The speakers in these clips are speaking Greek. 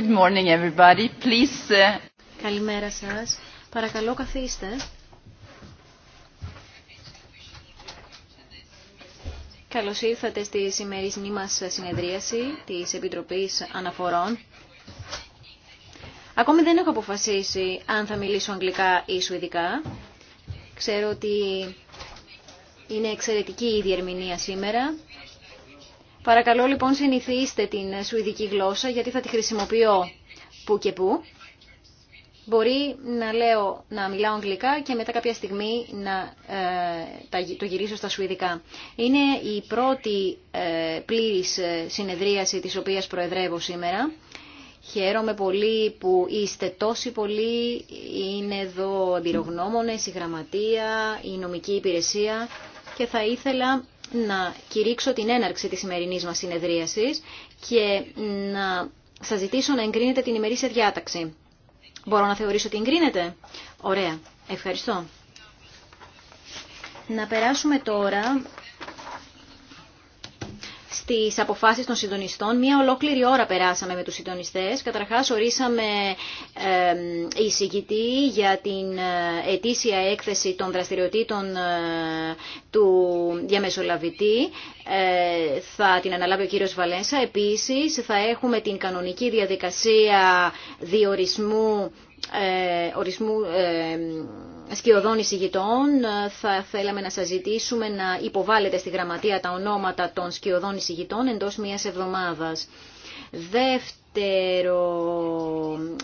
Good morning everybody. Please... Uh, Καλημέρα σας. Παρακαλώ καθίστε. Καλώς ήρθατε στη σημερινή μας συνεδρίαση της Επιτροπής Αναφορών. Ακόμη δεν έχω αποφασίσει αν θα μιλήσω αγγλικά ή σουηδικά. Ξέρω ότι είναι εξαιρετική η διερμηνία σήμερα. Παρακαλώ λοιπόν συνηθίστε την σουηδική γλώσσα γιατί θα τη χρησιμοποιώ που και που. Μπορεί να λέω να μιλάω αγγλικά και μετά κάποια στιγμή να ε, το γυρίσω στα σουηδικά. Είναι η πρώτη ε, πλήρης ε, συνεδρίαση της οποίας προεδρεύω σήμερα. Χαίρομαι πολύ που είστε τόσοι πολλοί. Είναι εδώ εμπειρογνώμονες, η γραμματεία, η νομική υπηρεσία και θα ήθελα να κηρύξω την έναρξη της σημερινής μας συνεδρίασης και να σας ζητήσω να εγκρίνετε την ημερήσια διάταξη. Μπορώ να θεωρήσω ότι εγκρίνετε. Ωραία. Ευχαριστώ. Να περάσουμε τώρα τι αποφάσει των συντονιστών. Μία ολόκληρη ώρα περάσαμε με τους συντονιστέ. Καταρχάς ορίσαμε εισηγητή για την ε, ετήσια έκθεση των δραστηριοτήτων ε, του διαμεσολαβητή. Ε, θα την αναλάβει ο κύριος Βαλένσα. Επίσης θα έχουμε την κανονική διαδικασία διορισμού ε, ορισμού ε, σκιωδών εισηγητών. Θα θέλαμε να σας ζητήσουμε να υποβάλλετε στη γραμματεία τα ονόματα των σκιωδών εισηγητών εντός μιας εβδομάδας. Δεύτερο,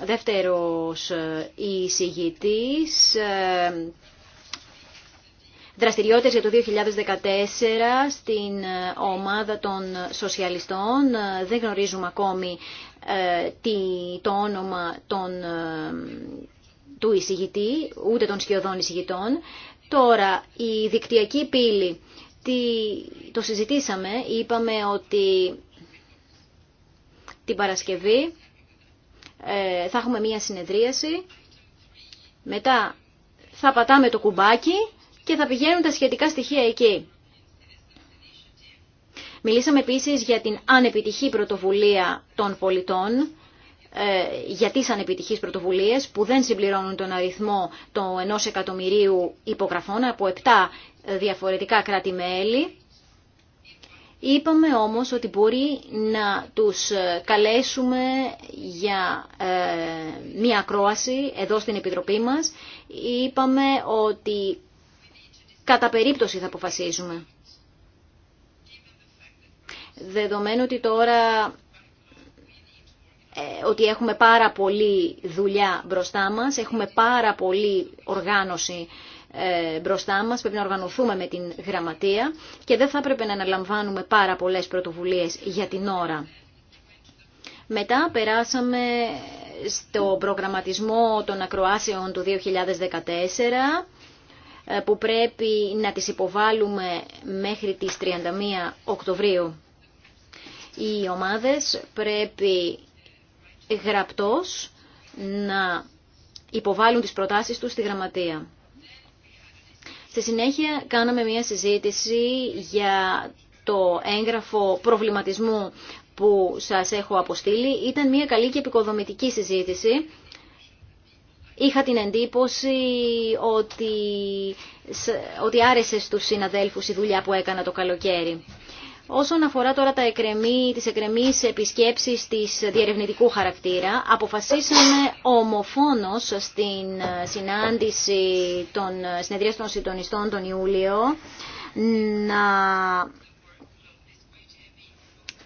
δεύτερος ε, εισηγητής δραστηριότητες για το 2014 στην ε, ομάδα των σοσιαλιστών. Ε, δεν γνωρίζουμε ακόμη ε, το όνομα των, του εισηγητή, ούτε των σκιωδών εισηγητών. Τώρα, η δικτυακή πύλη, τι, το συζητήσαμε, είπαμε ότι την Παρασκευή θα έχουμε μία συνεδρίαση, μετά θα πατάμε το κουμπάκι και θα πηγαίνουν τα σχετικά στοιχεία εκεί. Μιλήσαμε επίσης για την ανεπιτυχή πρωτοβουλία των πολιτών, ε, για τις ανεπιτυχείς πρωτοβουλίες που δεν συμπληρώνουν τον αριθμό των 1 εκατομμυρίου υπογραφών από 7 διαφορετικά κράτη-μέλη. Είπαμε όμως ότι μπορεί να τους καλέσουμε για ε, μία ακρόαση εδώ στην Επιτροπή μας. Είπαμε ότι κατά περίπτωση θα αποφασίζουμε. Δεδομένου ότι τώρα ε, ότι έχουμε πάρα πολλή δουλειά μπροστά μας, έχουμε πάρα πολύ οργάνωση ε, μπροστά μας, πρέπει να οργανωθούμε με την γραμματεία και δεν θα έπρεπε να αναλαμβάνουμε πάρα πολλές πρωτοβουλίες για την ώρα. Μετά περάσαμε στο προγραμματισμό των ακροάσεων του 2014 ε, που πρέπει να τις υποβάλουμε μέχρι τις 31 Οκτωβρίου. Οι ομάδες πρέπει γραπτός να υποβάλουν τις προτάσεις τους στη γραμματεία. Στη συνέχεια κάναμε μια συζήτηση για το έγγραφο προβληματισμού που σας έχω αποστείλει. Ήταν μια καλή και επικοδομητική συζήτηση είχα την εντύπωση ότι, ότι άρεσε στους συναδέλφους η δουλειά που έκανα το καλοκαίρι. Όσον αφορά τώρα τα εκρεμή, τις εκρεμείς επισκέψεις της διερευνητικού χαρακτήρα, αποφασίσαμε ομοφόνος στην συνάντηση των συνεδρίων των συντονιστών τον Ιούλιο να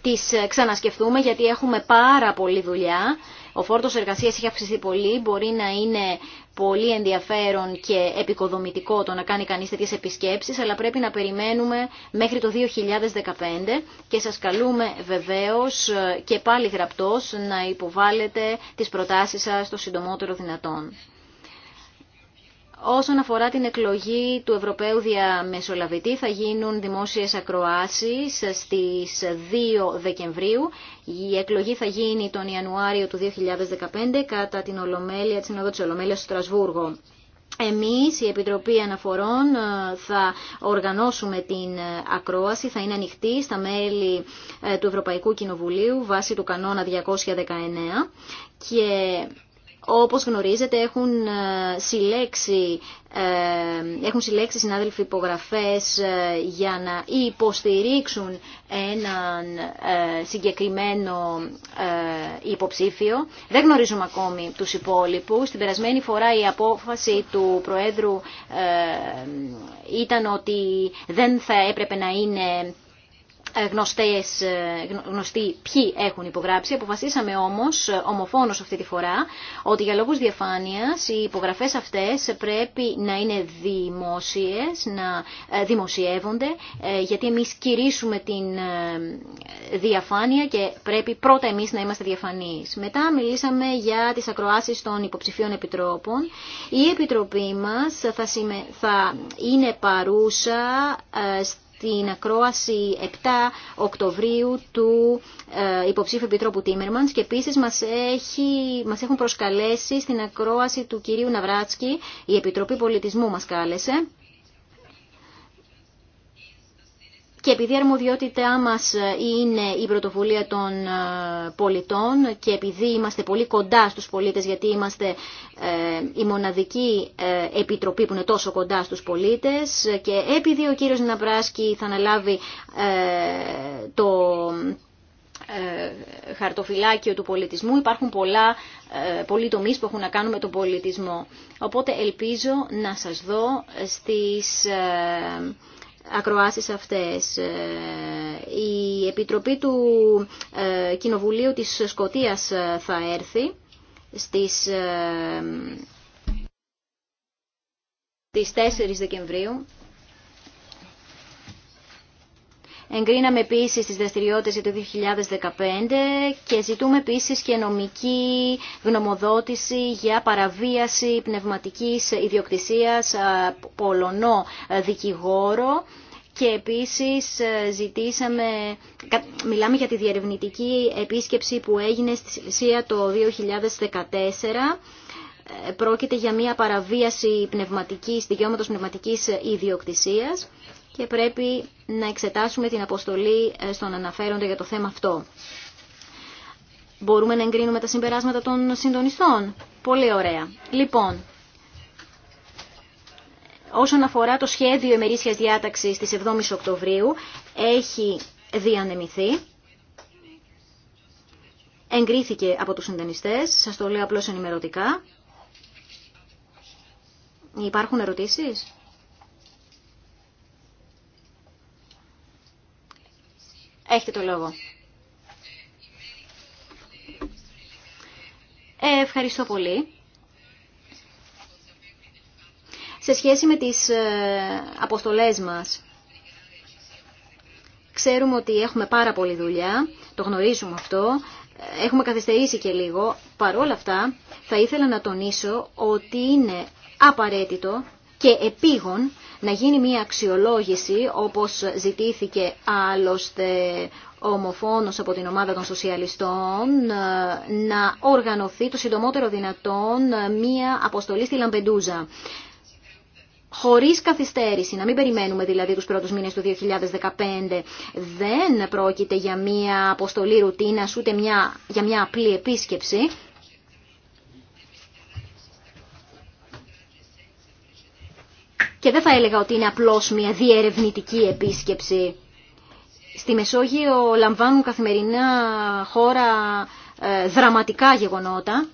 τις ξανασκεφτούμε γιατί έχουμε πάρα πολλή δουλειά ο φόρτος εργασίας έχει αυξηθεί πολύ, μπορεί να είναι πολύ ενδιαφέρον και επικοδομητικό το να κάνει κανείς τέτοιες επισκέψεις, αλλά πρέπει να περιμένουμε μέχρι το 2015 και σας καλούμε βεβαίως ε, και πάλι γραπτός να υποβάλλετε τις προτάσεις σας το συντομότερο δυνατόν. Όσον αφορά την εκλογή του Ευρωπαίου Διαμεσολαβητή θα γίνουν δημόσιες ακροάσεις στις 2 Δεκεμβρίου. Η εκλογή θα γίνει τον Ιανουάριο του 2015 κατά την Ολομέλεια, της Συνόδου Ολομέλειας στο Στρασβούργο. Εμείς, η Επιτροπή Αναφορών, ε, θα οργανώσουμε την ε, ακρόαση, θα είναι ανοιχτή στα μέλη ε, του Ευρωπαϊκού Κοινοβουλίου βάσει του κανόνα 219 και όπως γνωρίζετε έχουν ε, συλλέξει, ε, έχουν συλλέξει συνάδελφοι υπογραφές ε, για να υποστηρίξουν έναν συγκεκριμένο υποψήφιο. Δεν γνωρίζουμε ακόμη τους υπόλοιπους. Την περασμένη φορά η απόφαση του Προέδρου ήταν ότι δεν θα έπρεπε να είναι γνωστές, ε, γνωστοί ποιοι έχουν υπογράψει. Αποφασίσαμε όμως ε, ομοφόνος αυτή τη φορά ότι για λόγους διαφάνειας οι υπογραφές αυτές πρέπει να είναι δημόσιες, να ε, δημοσιεύονται γιατί εμείς κηρύσουμε την διαφάνεια και πρέπει πρώτα εμείς να είμαστε διαφανείς. Μετά μιλήσαμε για τις ακροάσεις των υποψηφίων επιτρόπων. Η Επιτροπή μας θα είναι παρούσα την ακρόαση 7 Οκτωβρίου του ε, υποψήφιου Επιτρόπου Τίμερμανς και επίσης μας, έχει, μας έχουν προσκαλέσει στην ακρόαση του κυρίου Ναυράτσκι, η Επιτροπή Πολιτισμού μας κάλεσε και επειδή η αρμοδιότητά μας ε, είναι η πρωτοβουλία των ε, πολιτών και επειδή είμαστε πολύ κοντά στους πολίτες γιατί είμαστε ε, η μοναδική επιτροπή που είναι τόσο κοντά στους πολίτες και επειδή ο κύριος Ναμπράσκη θα αναλάβει το χαρτοφυλάκιο του πολιτισμού υπάρχουν πολλά, πολλοί τομείς που έχουν να κάνουν με τον πολιτισμό. Οπότε ελπίζω να σας δω στις ακροάσεις αυτές. Ε, η Επιτροπή του ε, Κοινοβουλίου της Σκοτίας ε, θα έρθει στις, στις 4 Δεκεμβρίου Εγκρίναμε επίσης τις δραστηριότητες το 2015 και ζητούμε επίσης και νομική γνωμοδότηση για παραβίαση πνευματικής ιδιοκτησίας πολωνό δικηγόρο και επίσης ζητήσαμε, μιλάμε για τη διερευνητική επίσκεψη που έγινε στη ΣΥΑ το 2014 ε, Πρόκειται για μια παραβίαση πνευματικής, δικαιώματος πνευματικής ιδιοκτησίας και πρέπει να εξετάσουμε την αποστολή ε, στον αναφέρονται για το θέμα αυτό. Μπορούμε να εγκρίνουμε τα συμπεράσματα των συντονιστών. Πολύ ωραία. Λοιπόν, όσον αφορά το σχέδιο ημερήσιας διάταξης της 7ης Οκτωβρίου, έχει διανεμηθεί. Εγκρίθηκε από τους συντονιστές, σας το λέω απλώς ενημερωτικά. Υπάρχουν ερωτήσεις? Έχετε το λόγο. Ε, ευχαριστώ πολύ. Σε σχέση με τις ε, αποστολές μας, ξέρουμε ότι έχουμε πάρα πολλή δουλειά, το γνωρίζουμε αυτό, έχουμε καθυστερήσει και λίγο. όλα αυτά, θα ήθελα να τονίσω ότι είναι απαραίτητο και επίγον να γίνει μια αξιολόγηση όπως ζητήθηκε άλλωστε ομοφόνος από την ομάδα των σοσιαλιστών να οργανωθεί το συντομότερο δυνατόν μια αποστολή στη Λαμπεντούζα. Χωρίς καθυστέρηση, να μην περιμένουμε δηλαδή τους πρώτους μήνες του 2015, δεν πρόκειται για μια αποστολή ρουτίνας ούτε μια, για μια απλή επίσκεψη, και δεν θα έλεγα ότι είναι απλώς μια διερευνητική επίσκεψη. Στη Μεσόγειο λαμβάνουν καθημερινά χώρα ε, δραματικά γεγονότα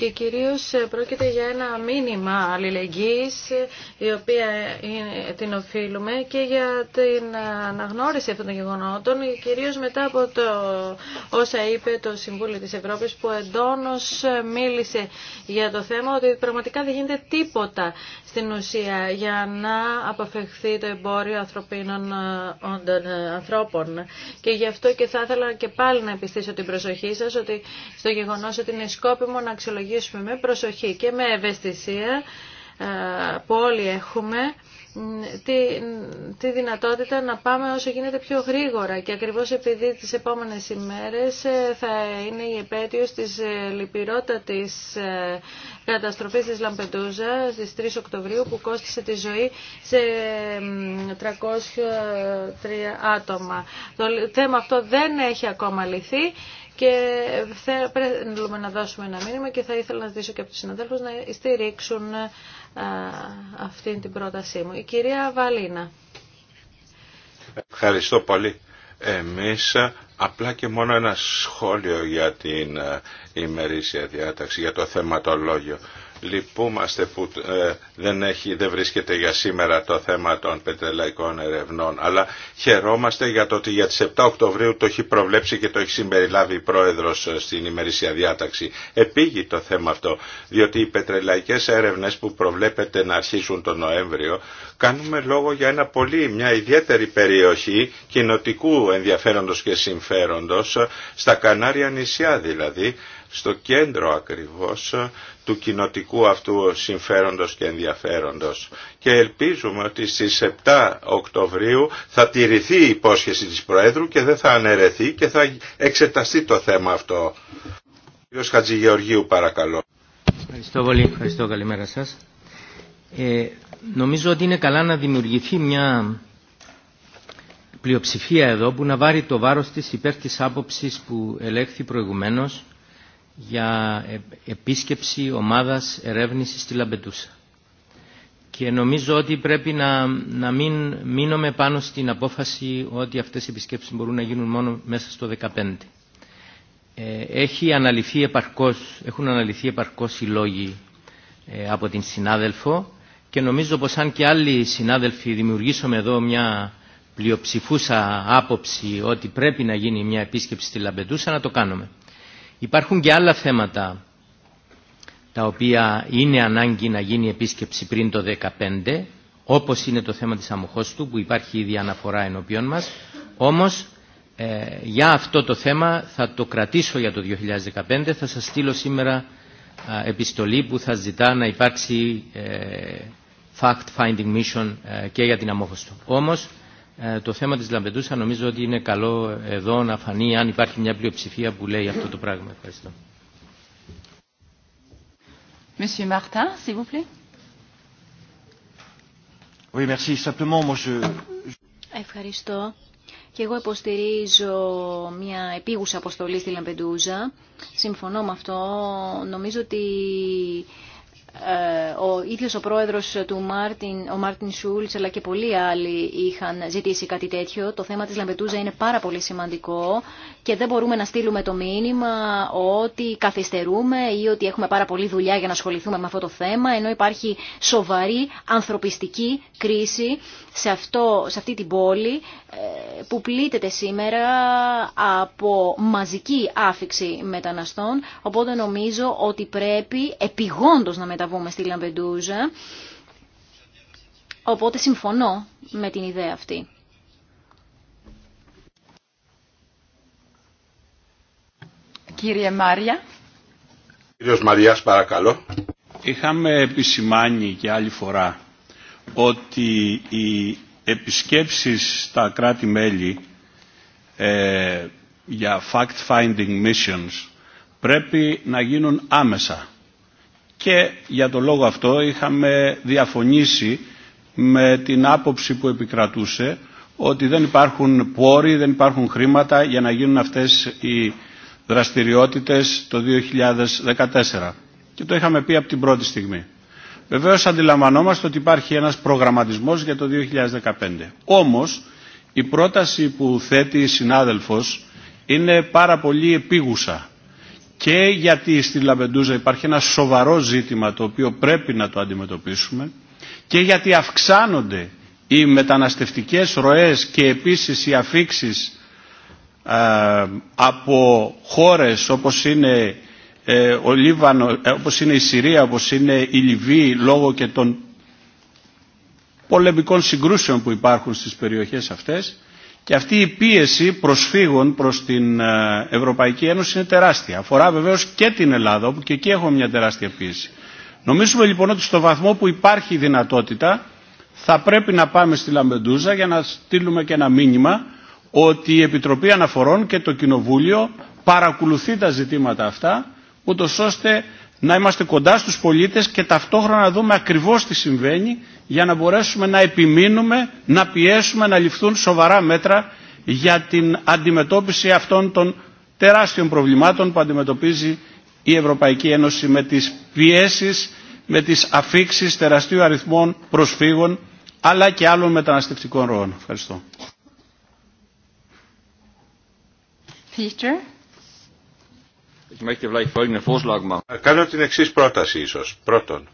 και κυρίως ε, πρόκειται για ένα μήνυμα αλληλεγγύης η οποία την οφείλουμε και για την αναγνώριση αυτών των γεγονότων κυρίως μετά από το όσα είπε το Συμβούλιο της Ευρώπης που εντόνως ε, μίλησε για το θέμα ότι πραγματικά δεν γίνεται τίποτα στην ουσία για να αποφευχθεί το εμπόριο ανθρωπίνων ε, ανθρώπων. Και γι' αυτό και θα ήθελα και πάλι να επιστήσω την προσοχή σας ότι στο γεγονός ότι είναι σκόπιμο να αξιολογήσουμε λειτουργήσουμε με προσοχή και με ευαισθησία ε, που όλοι έχουμε τη, τη δυνατότητα να πάμε όσο γίνεται πιο γρήγορα και ακριβώς επειδή τις επόμενες ημέρες ε, θα είναι η επέτειος της ε, λυπηρότατης καταστροφής της Λαμπεντούζα στις 3 Οκτωβρίου που κόστησε τη ζωή σε 303 άτομα. Το θέμα αυτό δεν έχει ακόμα λυθεί και θέλουμε να δώσουμε ένα μήνυμα και θα ήθελα να ζητήσω και από τους συναδέλφους να στηρίξουν αυτή την πρότασή μου. Η κυρία Βαλίνα. Ευχαριστώ πολύ. Εμείς απλά και μόνο ένα σχόλιο για την ημερήσια διάταξη, για το θεματολόγιο λυπούμαστε που ε, δεν, έχει, δεν βρίσκεται για σήμερα το θέμα των πετρελαϊκών ερευνών, αλλά χαιρόμαστε για το ότι για τις 7 Οκτωβρίου το έχει προβλέψει και το έχει συμπεριλάβει η Πρόεδρος ε, στην ημερήσια διάταξη. Επήγει το θέμα αυτό, διότι οι πετρελαϊκές έρευνες που προβλέπεται να αρχίσουν τον Νοέμβριο, κάνουμε λόγο για ένα πολύ, μια ιδιαίτερη περιοχή κοινοτικού ενδιαφέροντος και συμφέροντος, ε, στα Κανάρια νησιά δηλαδή, στο κέντρο ακριβώς του κοινοτικού αυτού συμφέροντος και ενδιαφέροντος. Και ελπίζουμε ότι στις 7 Οκτωβρίου θα τηρηθεί η υπόσχεση της Προέδρου και δεν θα αναιρεθεί και θα εξεταστεί το θέμα αυτό. Κύριος Χατζηγεωργίου παρακαλώ. Ευχαριστώ πολύ. Ευχαριστώ. Καλημέρα σας. Ε, νομίζω ότι είναι καλά να δημιουργηθεί μια πλειοψηφία εδώ που να βάρει το βάρος της υπέρ της άποψης που ελέγχθη προηγουμένως για επίσκεψη ομάδας ερεύνησης στη Λαμπετούσα. Και νομίζω ότι πρέπει να, να μην μείνουμε πάνω στην απόφαση ότι αυτές οι επισκέψεις μπορούν να γίνουν μόνο μέσα στο 2015. Ε, έχει αναλυθεί επαρκώς, έχουν αναλυθεί επαρκώς οι λόγοι ε, από την συνάδελφο και νομίζω πως αν και άλλοι συνάδελφοι δημιουργήσουμε εδώ μια πλειοψηφούσα άποψη ότι πρέπει να γίνει μια επίσκεψη στη Λαμπετούσα να το κάνουμε. Υπάρχουν και άλλα θέματα τα οποία είναι ανάγκη να γίνει επίσκεψη πριν το 2015, όπως είναι το θέμα της αμοχώστου που υπάρχει ήδη αναφορά ενώπιον μας. Όμως ε, για αυτό το θέμα θα το κρατήσω για το 2015, θα σας στείλω σήμερα επιστολή που θα ζητά να υπάρξει ε, fact-finding mission ε, και για την αμόχωστού Όμως ε, το θέμα της Λαμπεντούσα νομίζω ότι είναι καλό εδώ να φανεί αν υπάρχει μια πλειοψηφία που λέει αυτό το πράγμα. Ευχαριστώ. Monsieur Martin, s'il vous plaît. Oui, merci. Simplement, moi, je... Ευχαριστώ. Και εγώ υποστηρίζω μια επίγουσα αποστολή στη Λαμπεντούζα. Συμφωνώ με αυτό. Νομίζω ότι ε, ο ίδιος ο πρόεδρος του Μάρτιν, ο Μάρτιν Σούλτς αλλά και πολλοί άλλοι είχαν ζητήσει κάτι τέτοιο. Το θέμα της Λαμπετούζα είναι πάρα πολύ σημαντικό και δεν μπορούμε να στείλουμε το μήνυμα ότι καθυστερούμε ή ότι έχουμε πάρα πολλή δουλειά για να ασχοληθούμε με αυτό το θέμα ενώ υπάρχει σοβαρή ανθρωπιστική κρίση σε, αυτό, σε αυτή την πόλη ε, που πλήττεται σήμερα από μαζική άφηξη μεταναστών οπότε νομίζω ότι πρέπει επιγόντως να μετα μεταβούμε στη Λαμπεντούζα. Οπότε συμφωνώ με την ιδέα αυτή. Κύριε Μάρια. Κύριος Μαριάς παρακαλώ. Είχαμε επισημάνει και άλλη φορά ότι οι επισκέψεις στα κράτη-μέλη ε, για fact-finding missions πρέπει να γίνουν άμεσα και για τον λόγο αυτό είχαμε διαφωνήσει με την άποψη που επικρατούσε ότι δεν υπάρχουν πόροι, δεν υπάρχουν χρήματα για να γίνουν αυτές οι δραστηριότητες το 2014. Και το είχαμε πει από την πρώτη στιγμή. Βεβαίως αντιλαμβανόμαστε ότι υπάρχει ένας προγραμματισμός για το 2015. Όμως η πρόταση που θέτει η συνάδελφος είναι πάρα πολύ επίγουσα και γιατί στη Λαμπεντούζα υπάρχει ένα σοβαρό ζήτημα το οποίο πρέπει να το αντιμετωπίσουμε και γιατί αυξάνονται οι μεταναστευτικές ροές και επίσης οι αφήξεις ε, από χώρες όπως είναι, ε, ο Λίβανο, ε, όπως είναι η Συρία, όπως είναι η Λιβύη λόγω και των πολεμικών συγκρούσεων που υπάρχουν στις περιοχές αυτές και αυτή η πίεση προσφύγων προς την ε, Ευρωπαϊκή Ένωση είναι τεράστια. Αφορά βεβαίως και την Ελλάδα, όπου και εκεί έχουμε μια τεράστια πίεση. Νομίζουμε λοιπόν ότι στο βαθμό που υπάρχει δυνατότητα θα πρέπει να πάμε στη Λαμπεντούζα για να στείλουμε και ένα μήνυμα ότι η Επιτροπή Αναφορών και το Κοινοβούλιο παρακολουθεί τα ζητήματα αυτά ούτως ώστε να είμαστε κοντά στους πολίτες και ταυτόχρονα να δούμε ακριβώς τι συμβαίνει για να μπορέσουμε να επιμείνουμε, να πιέσουμε να ληφθούν σοβαρά μέτρα για την αντιμετώπιση αυτών των τεράστιων προβλημάτων που αντιμετωπίζει η Ευρωπαϊκή Ένωση με τις πιέσεις, με τις αφήξεις τεραστίου αριθμών προσφύγων αλλά και άλλων μεταναστευτικών ροών. Ευχαριστώ. Κάνω την εξή πρόταση ίσως. Πρώτον,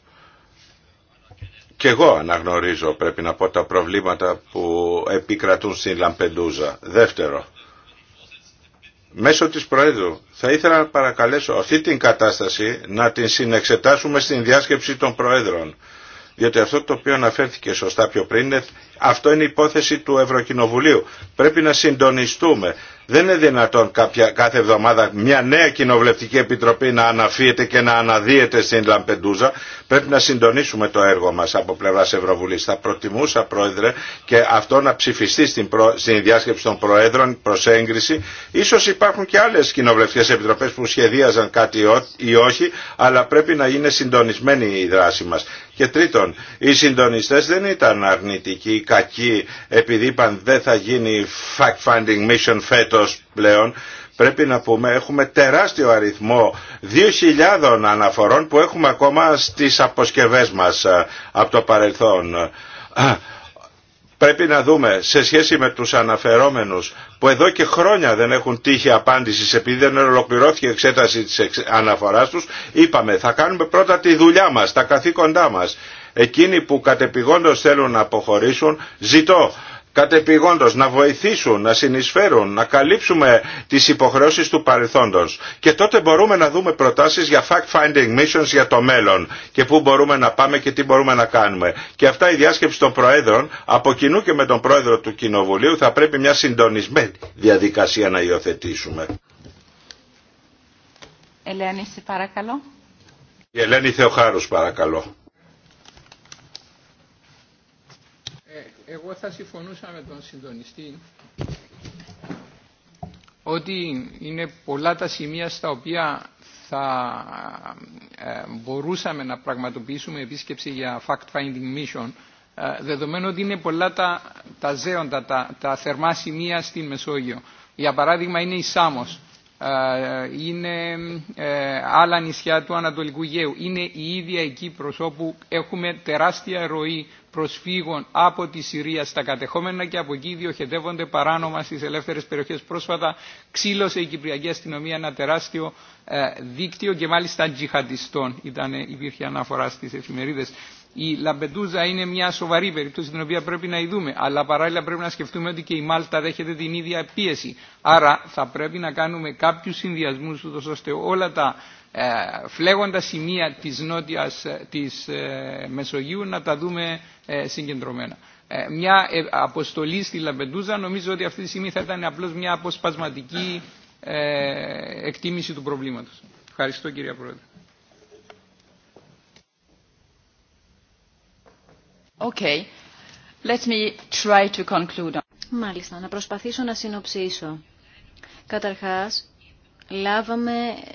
και εγώ αναγνωρίζω πρέπει να πω τα προβλήματα που επικρατούν στην Λαμπεντούζα. Δεύτερο, μέσω της Προέδρου θα ήθελα να παρακαλέσω αυτή την κατάσταση να την συνεξετάσουμε στην διάσκεψη των Προέδρων. Διότι αυτό το οποίο αναφέρθηκε σωστά πιο πριν, αυτό είναι η υπόθεση του Ευρωκοινοβουλίου. Πρέπει να συντονιστούμε δεν είναι δυνατόν κάθε εβδομάδα μια νέα κοινοβουλευτική επιτροπή να αναφύεται και να αναδύεται στην Λαμπεντούζα. Πρέπει να συντονίσουμε το έργο μας από πλευράς Ευρωβουλής. Θα προτιμούσα, Πρόεδρε, και αυτό να ψηφιστεί στην, προ... στην διάσκεψη των Προέδρων προς έγκριση. Ίσως υπάρχουν και άλλες κοινοβουλευτικές επιτροπές που σχεδίαζαν κάτι ή όχι, αλλά πρέπει να είναι συντονισμένη η δράση μας. Και τρίτον, οι συντονιστές δεν ήταν αρνητικοί ή κακοί επειδή είπαν δεν θα γίνει fact-finding mission πλέον πρέπει να πούμε έχουμε τεράστιο αριθμό 2.000 αναφορών που έχουμε ακόμα στις αποσκευές μας ε, από το παρελθόν. Πρέπει να δούμε σε σχέση με τους αναφερόμενους που εδώ και χρόνια δεν έχουν τύχει απάντησης επειδή δεν ολοκληρώθηκε η εξέταση της αναφοράς τους, είπαμε θα κάνουμε πρώτα τη δουλειά μας, τα καθήκοντά μας. Εκείνοι που κατεπηγόντως θέλουν να αποχωρήσουν, ζητώ κατεπηγόντως να βοηθήσουν, να συνεισφέρουν, να καλύψουμε τις υποχρεώσεις του παρελθόντος. Και τότε μπορούμε να δούμε προτάσεις για fact-finding missions για το μέλλον και πού μπορούμε να πάμε και τι μπορούμε να κάνουμε. Και αυτά η διάσκεψη των Προέδρων, από κοινού και με τον Πρόεδρο του Κοινοβουλίου, θα πρέπει μια συντονισμένη διαδικασία να υιοθετήσουμε. Ελένη, σε παρακαλώ. Η Ελένη Θεοχάρους, παρακαλώ. εγώ θα συμφωνούσα με τον συντονιστή ότι είναι πολλά τα σημεία στα οποία θα ε, μπορούσαμε να πραγματοποιήσουμε επίσκεψη για fact-finding mission, ε, δεδομένου ότι είναι πολλά τα, τα ζέοντα, τα, θερμά σημεία στην Μεσόγειο. Για παράδειγμα είναι η Σάμος, ε, είναι άλλα νησιά του Ανατολικού Αιγαίου, είναι η ίδια εκεί προσωπού έχουμε τεράστια ροή προσφύγων από τη Συρία στα κατεχόμενα και από εκεί διοχετεύονται παράνομα στις ελεύθερες περιοχές. Πρόσφατα ξύλωσε η Κυπριακή Αστυνομία ένα τεράστιο ε, δίκτυο και μάλιστα τζιχαντιστών. Ήταν, υπήρχε αναφορά στις εφημερίδες. Η Λαμπεντούζα είναι μια σοβαρή περίπτωση την οποία πρέπει να ειδούμε. Αλλά παράλληλα πρέπει να σκεφτούμε ότι και η Μάλτα δέχεται την ίδια πίεση. Άρα θα πρέπει να κάνουμε κάποιου συνδυασμού, ώστε όλα τα ε, φλέγοντα σημεία της νότιας ε, της ε, Μεσογείου να τα δούμε συγκεντρωμένα. Μια αποστολή στη Λαμπεντούζα νομίζω ότι αυτή τη στιγμή θα ήταν απλώς μια αποσπασματική εκτίμηση του προβλήματος. Ευχαριστώ κύριε Πρόεδρε. Okay. Let me try to conclude. Μάλιστα, να προσπαθήσω να συνοψίσω. Καταρχάς, λάβαμε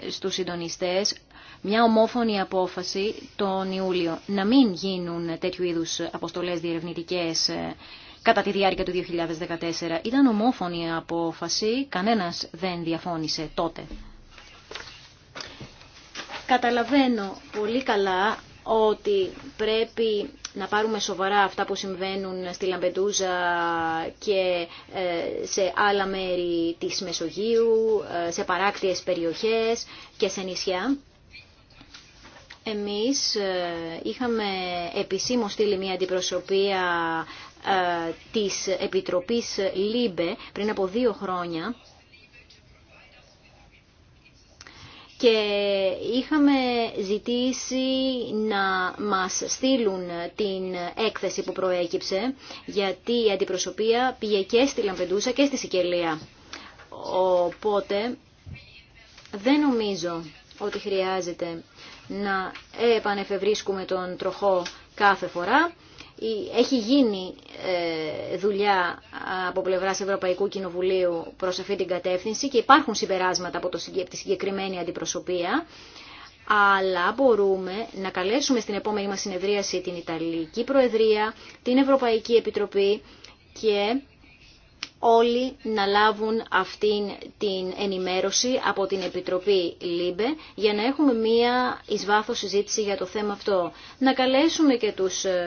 στους συντονιστές μια ομόφωνη απόφαση τον Ιούλιο να μην γίνουν τέτοιου είδους αποστολές διερευνητικές ε, κατά τη διάρκεια του 2014. Ήταν ομόφωνη απόφαση, κανένας δεν διαφώνησε τότε. Καταλαβαίνω πολύ καλά ότι πρέπει να πάρουμε σοβαρά αυτά που συμβαίνουν στη Λαμπεντούζα και ε, σε άλλα μέρη της Μεσογείου, ε, σε παράκτιες περιοχές και σε νησιά. Εμείς ε, είχαμε επισήμως στείλει μια αντιπροσωπεία της Επιτροπής ΛΥΜΠΕ πριν από δύο χρόνια και είχαμε ζητήσει να μας στείλουν την έκθεση που προέκυψε γιατί η αντιπροσωπεία πήγε και στη Λαμπεντούσα και στη Σικελία. Οπότε δεν νομίζω ότι χρειάζεται να επανεφευρίσκουμε τον τροχό κάθε φορά έχει γίνει ε, δουλειά από πλευράς Ευρωπαϊκού Κοινοβουλίου προς αυτή την κατεύθυνση και υπάρχουν συμπεράσματα από, τη συγκεκριμένη αντιπροσωπεία, αλλά μπορούμε να καλέσουμε στην επόμενη μας συνεδρίαση την Ιταλική Προεδρία, την Ευρωπαϊκή Επιτροπή και όλοι να λάβουν αυτήν την ενημέρωση από την Επιτροπή ΛΥΜΠΕ για να έχουμε μία εις βάθος συζήτηση για το θέμα αυτό. Να καλέσουμε και τους ε,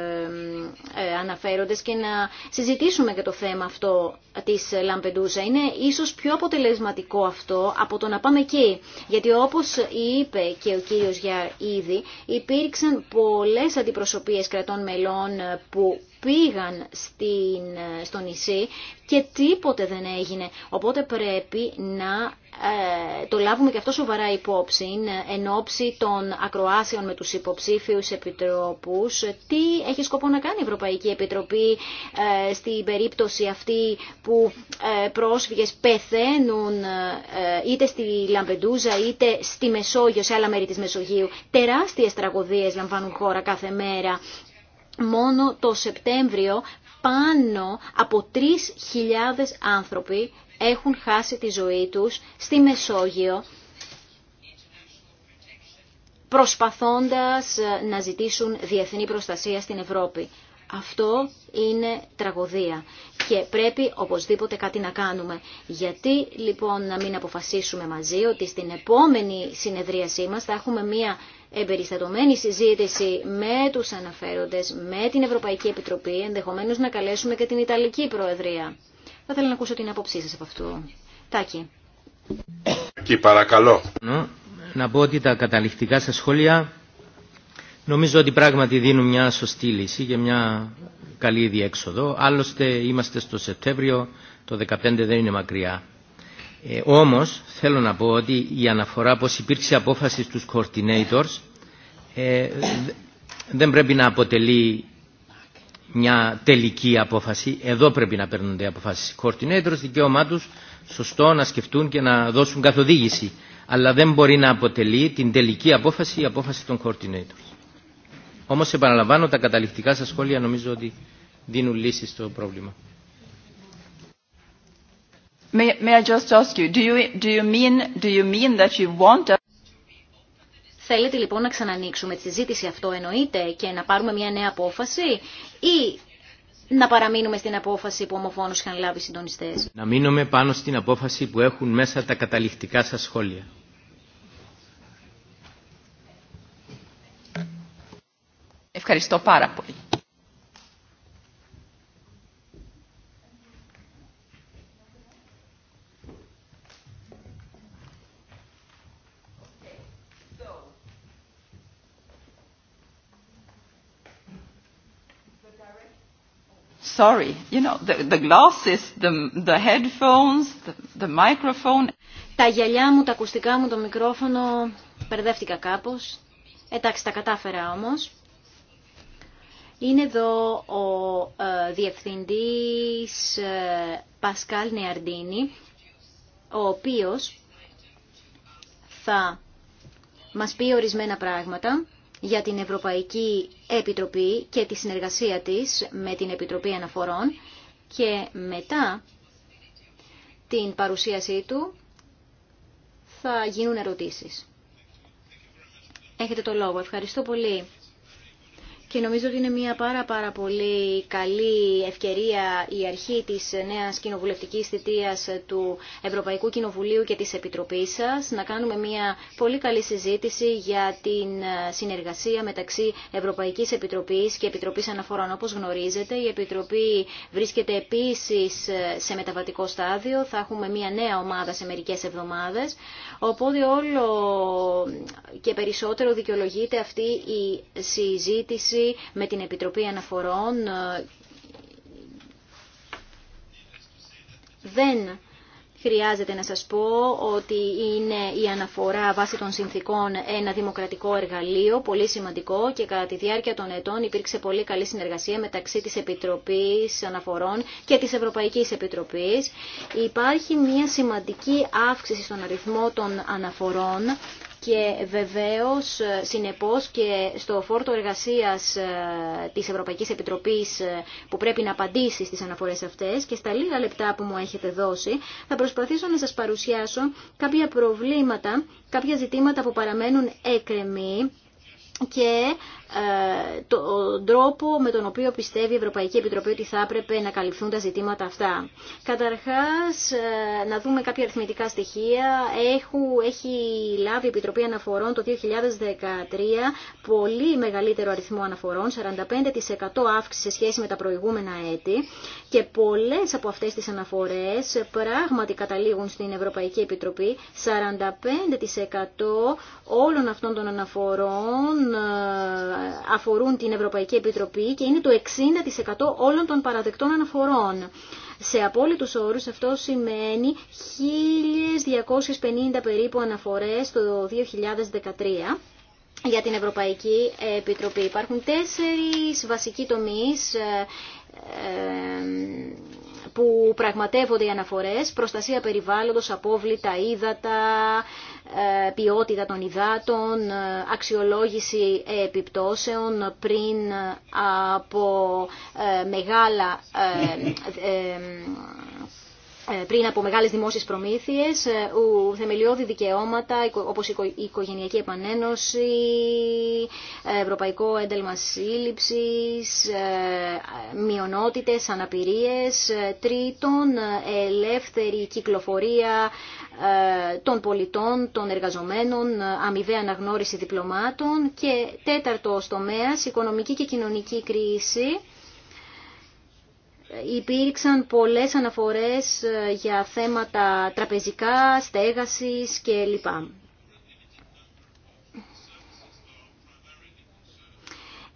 ε, αναφέροντες και να συζητήσουμε και το θέμα αυτό της Λαμπεντούζα. Είναι ίσως πιο αποτελεσματικό αυτό από το να πάμε εκεί. Γιατί όπως είπε και ο κύριος Γιάρ ήδη, υπήρξαν πολλές αντιπροσωπείες κρατών μελών που πήγαν στην, στο νησί και τίποτε δεν έγινε. Οπότε πρέπει να ε, το λάβουμε και αυτό σοβαρά υπόψη, εν ώψη των ακροάσεων με τους υποψήφιους επιτροπούς, τι έχει σκοπό να κάνει η Ευρωπαϊκή Επιτροπή ε, στην περίπτωση αυτή που ε, πρόσφυγες πεθαίνουν ε, είτε στη Λαμπεντούζα είτε στη Μεσόγειο, σε άλλα μέρη της Μεσογείου. Τεράστιες τραγωδίες λαμβάνουν χώρα κάθε μέρα μόνο το Σεπτέμβριο πάνω από 3.000 άνθρωποι έχουν χάσει τη ζωή τους στη Μεσόγειο προσπαθώντας ε, να ζητήσουν διεθνή προστασία στην Ευρώπη. Αυτό είναι τραγωδία και πρέπει οπωσδήποτε κάτι να κάνουμε. Γιατί λοιπόν να μην αποφασίσουμε μαζί ότι στην επόμενη συνεδρίασή μας θα έχουμε μία εμπεριστατωμένη συζήτηση με τους αναφέροντες, με την Ευρωπαϊκή Επιτροπή, ενδεχομένως να καλέσουμε και την Ιταλική Προεδρία. Θα ήθελα να ακούσω την άποψή σας από αυτού. Τάκη. παρακαλώ. Να πω ότι τα καταληκτικά σας σχόλια νομίζω ότι πράγματι δίνουν μια σωστή λύση και μια καλή διέξοδο. Άλλωστε είμαστε στο Σεπτέμβριο, το 2015 δεν είναι μακριά. Ε, όμως θέλω να πω ότι η αναφορά πως υπήρξε απόφαση στους coordinators ε, δεν πρέπει να αποτελεί μια τελική απόφαση. Εδώ πρέπει να παίρνονται αποφάσεις. Οι coordinators δικαίωμά του σωστό να σκεφτούν και να δώσουν καθοδήγηση. Αλλά δεν μπορεί να αποτελεί την τελική απόφαση η απόφαση των coordinators. Όμως επαναλαμβάνω τα καταληκτικά σας σχόλια νομίζω ότι δίνουν λύση στο πρόβλημα. May I just ask you, do you, do you mean, do you mean that you want Θέλετε λοιπόν να ξανανοίξουμε τη συζήτηση αυτό εννοείται και να πάρουμε μια νέα απόφαση ή να παραμείνουμε στην απόφαση που ομοφόνους είχαν λάβει οι συντονιστές. Να μείνουμε πάνω στην απόφαση που έχουν μέσα τα καταληκτικά σας σχόλια. Ευχαριστώ πάρα πολύ. sorry, the, the, Τα γυαλιά μου, τα ακουστικά μου, το μικρόφωνο, περδεύτηκα κάπως. Εντάξει, τα κατάφερα όμως. Είναι εδώ ο ε, διευθυντής ε, Πασκάλ Νεαρντίνη, ο οποίος θα μας πει ορισμένα πράγματα για την Ευρωπαϊκή Επιτροπή και τη συνεργασία της με την Επιτροπή Αναφορών και μετά την παρουσίασή του θα γίνουν ερωτήσεις. Έχετε το λόγο. Ευχαριστώ πολύ και νομίζω ότι είναι μια πάρα πάρα πολύ καλή ευκαιρία η αρχή της νέας κοινοβουλευτικής θητείας του Ευρωπαϊκού Κοινοβουλίου και της Επιτροπής σας να κάνουμε μια πολύ καλή συζήτηση για την συνεργασία μεταξύ Ευρωπαϊκής Επιτροπής και Επιτροπής Αναφορών. Όπως γνωρίζετε η Επιτροπή βρίσκεται επίσης σε μεταβατικό στάδιο, θα έχουμε μια νέα ομάδα σε μερικές εβδομάδες, οπότε όλο και περισσότερο δικαιολογείται αυτή η συζήτηση με την Επιτροπή Αναφορών ε, δεν χρειάζεται να σας πω ότι είναι η αναφορά βάσει των συνθήκων ένα δημοκρατικό εργαλείο, πολύ σημαντικό και κατά τη διάρκεια των ετών υπήρξε πολύ καλή συνεργασία μεταξύ της Επιτροπής Αναφορών και της Ευρωπαϊκής Επιτροπής. Υπάρχει μια σημαντική αύξηση στον αριθμό των αναφορών και βεβαίως συνεπώς και στο φόρτο εργασίας ε, της Ευρωπαϊκής Επιτροπής ε, που πρέπει να απαντήσει στις αναφορές αυτές και στα λίγα λεπτά που μου έχετε δώσει θα προσπαθήσω να σας παρουσιάσω κάποια προβλήματα, κάποια ζητήματα που παραμένουν έκρεμοι και ε, τον τρόπο με τον οποίο πιστεύει η Ευρωπαϊκή Επιτροπή ότι θα έπρεπε να καλυφθούν τα ζητήματα αυτά. Καταρχάς, ε, να δούμε κάποια αριθμητικά στοιχεία. Έχου, έχει λάβει η Επιτροπή Αναφορών το 2013 πολύ μεγαλύτερο αριθμό αναφορών, 45% αύξηση σε σχέση με τα προηγούμενα έτη και πολλές από αυτές τις αναφορές πράγματι καταλήγουν στην Ευρωπαϊκή Επιτροπή. 45% όλων αυτών των αναφορών ε, αφορούν την Ευρωπαϊκή Επιτροπή και είναι το 60% όλων των παραδεκτών αναφορών. Σε απόλυτους όρους αυτό σημαίνει 1.250 περίπου αναφορές το 2013 για την Ευρωπαϊκή Επιτροπή. Υπάρχουν τέσσερις βασικοί τομείς ε, ε, που πραγματεύονται οι αναφορές, προστασία περιβάλλοντος, απόβλητα, ύδατα, ε, ποιότητα των υδάτων, ε, αξιολόγηση επιπτώσεων πριν ε, από μεγάλα ε, πριν από μεγάλες δημόσιες προμήθειες, ε, θεμελιώδη δικαιώματα όπως η οικογενειακή επανένωση, ευρωπαϊκό ένταλμα σύλληψης, ε, μειονότητες, αναπηρίες, τρίτον, ελεύθερη κυκλοφορία των πολιτών, των εργαζομένων, αμοιβαία αναγνώριση διπλωμάτων και τέταρτος τομέας, οικονομική και κοινωνική κρίση, υπήρξαν πολλές αναφορές ε, για θέματα τραπεζικά, στέγασης κλπ.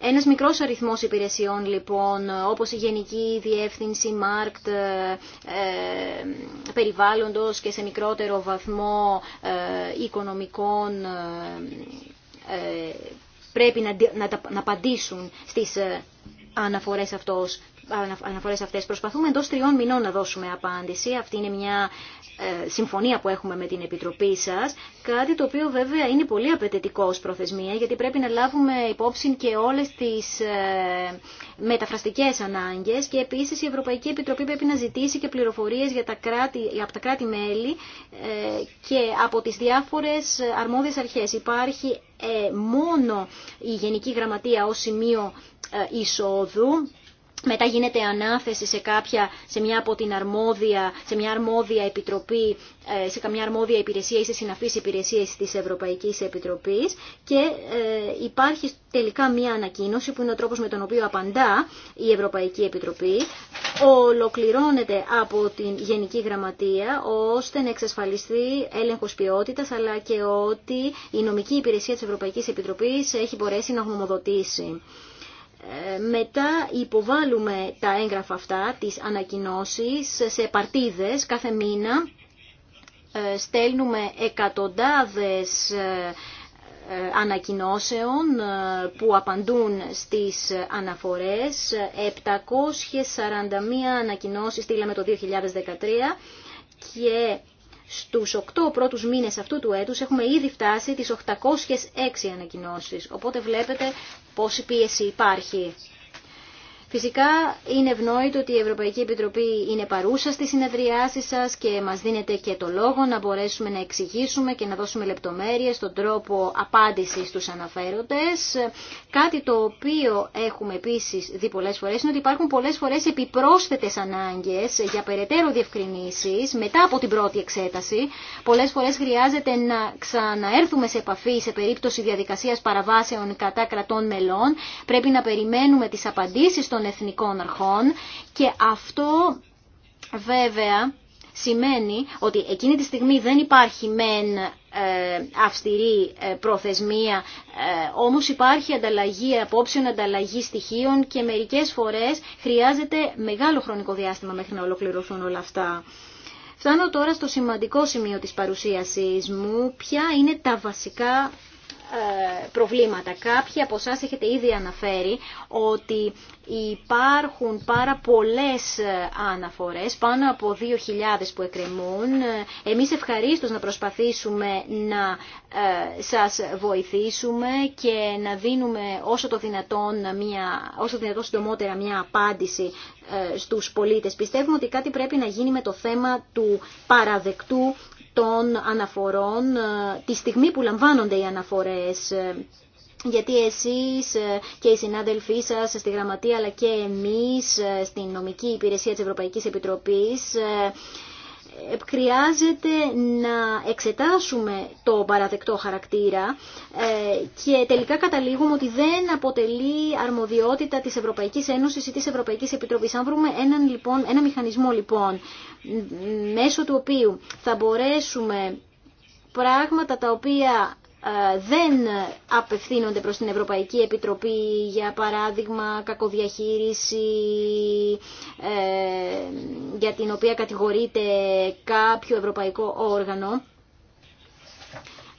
Ένας μικρός αριθμός υπηρεσιών λοιπόν, όπως η Γενική Διεύθυνση, ΜΑΡΚΤ, ε, ε, περιβάλλοντος και σε μικρότερο βαθμό οικονομικών πρέπει να, να, απαντήσουν στις αναφορές αυτός αναφορές αυτές. Προσπαθούμε εντός τριών μηνών να δώσουμε απάντηση. Αυτή είναι μια ε, συμφωνία που έχουμε με την Επιτροπή σας. Κάτι το οποίο βέβαια είναι πολύ απαιτητικό ως προθεσμία γιατί πρέπει να λάβουμε υπόψη και όλες τις ε, μεταφραστικές ανάγκες και επίσης η Ευρωπαϊκή Επιτροπή πρέπει να ζητήσει και πληροφορίες για από τα κράτη-μέλη ε, και από τις διάφορες αρμόδιες αρχές. Υπάρχει μόνο η Γενική Γραμματεία ως σημείο εισόδου μετά γίνεται ανάθεση σε, κάποια, σε μια από την αρμόδια, σε μια αρμόδια επιτροπή, ε, σε καμιά αρμόδια υπηρεσία ή σε συναφείς υπηρεσίες της Ευρωπαϊκής Επιτροπής και ε, υπάρχει τελικά μια ανακοίνωση που είναι ο τρόπος με τον οποίο απαντά η Ευρωπαϊκή Επιτροπή ολοκληρώνεται από την Γενική Γραμματεία ώστε να εξασφαλιστεί έλεγχος ποιότητας αλλά και ότι η νομική υπηρεσία της Ευρωπαϊκής Επιτροπής έχει μπορέσει να γνωμοδοτήσει. Ε, μετά υποβάλλουμε τα έγγραφα αυτά, τις ανακοινώσεις, σε παρτίδες κάθε μήνα. Ε, στέλνουμε εκατοντάδες ε, ανακοινώσεων που απαντούν στις αναφορές. 741 ανακοινώσεις στείλαμε το 2013 και στους 8 πρώτους μήνες αυτού του έτους έχουμε ήδη φτάσει τις 806 ανακοινώσεις. Οπότε βλέπετε πόση πίεση υπάρχει. Φυσικά είναι ευνόητο ότι η Ευρωπαϊκή Επιτροπή είναι παρούσα στις συνεδριάσεις σας και μας δίνεται και το λόγο να μπορέσουμε να εξηγήσουμε και να δώσουμε λεπτομέρειες στον τρόπο απάντησης στους αναφέροντες. Κάτι το οποίο έχουμε επίσης δει πολλές φορές είναι ότι υπάρχουν πολλές φορές επιπρόσθετες ανάγκες για περαιτέρω διευκρινήσεις μετά από την πρώτη εξέταση. Πολλές φορές χρειάζεται να ξαναέρθουμε σε επαφή σε περίπτωση διαδικασίας παραβάσεων κατά κρατών μελών. Πρέπει να περιμένουμε τις απαντήσεις των των εθνικών αρχών και αυτό βέβαια σημαίνει ότι εκείνη τη στιγμή δεν υπάρχει μεν ε, αυστηρή ε, προθεσμία, ε, όμως υπάρχει ανταλλαγή απόψεων, ανταλλαγή στοιχείων και μερικές φορές χρειάζεται μεγάλο χρονικό διάστημα μέχρι να ολοκληρωθούν όλα αυτά. Φτάνω τώρα στο σημαντικό σημείο της παρουσίασής μου, ποια είναι τα βασικά ε, προβλήματα. Κάποιοι από εσά έχετε ήδη αναφέρει ότι υπάρχουν πάρα πολλές ε, αναφορές, πάνω από 2.000 που εκκρεμούν. Ε, εμείς ευχαρίστως να προσπαθήσουμε να σας βοηθήσουμε και να δίνουμε όσο το δυνατόν, μια, όσο δυνατόν συντομότερα μια απάντηση στους πολίτες. Πιστεύουμε ότι κάτι πρέπει να γίνει με το θέμα του παραδεκτού των αναφορών ε, τη στιγμή που λαμβάνονται οι αναφορές ε, γιατί εσείς ε, και οι συνάδελφοί σας στη Γραμματεία αλλά και εμείς στην Νομική Υπηρεσία της Ευρωπαϊκής Επιτροπής χρειάζεται να εξετάσουμε το παραδεκτό χαρακτήρα ε, και τελικά καταλήγουμε ότι δεν αποτελεί αρμοδιότητα της Ευρωπαϊκής Ένωσης ή της Ευρωπαϊκής Επιτροπής. Αν βρούμε έναν, λοιπόν, ένα μηχανισμό λοιπόν μέσω του οποίου θα μπορέσουμε πράγματα τα οποία ε, δεν απευθύνονται προς την Ευρωπαϊκή Επιτροπή για παράδειγμα κακοδιαχείριση ε, για την οποία κατηγορείται κάποιο ευρωπαϊκό όργανο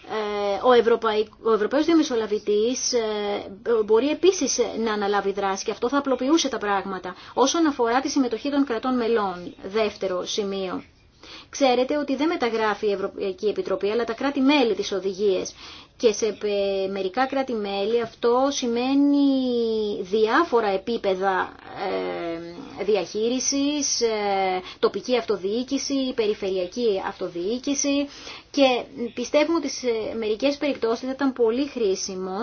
ε, ο, Ευρωπαϊ... ο Ευρωπαίος μπορεί επίσης να αναλάβει δράση και αυτό θα απλοποιούσε τα πράγματα όσον αφορά τη συμμετοχή των κρατών μελών. Δεύτερο σημείο. Ξέρετε ότι δεν μεταγράφει η Ευρωπαϊκή Επιτροπή, αλλά τα κράτη-μέλη τις οδηγίες. Και σε μερικά κράτη-μέλη αυτό σημαίνει διάφορα επίπεδα ε, διαχείρισης, ε, τοπική αυτοδιοίκηση, περιφερειακή αυτοδιοίκηση και πιστεύουμε ότι σε μερικές περιπτώσεις θα ήταν πολύ χρήσιμο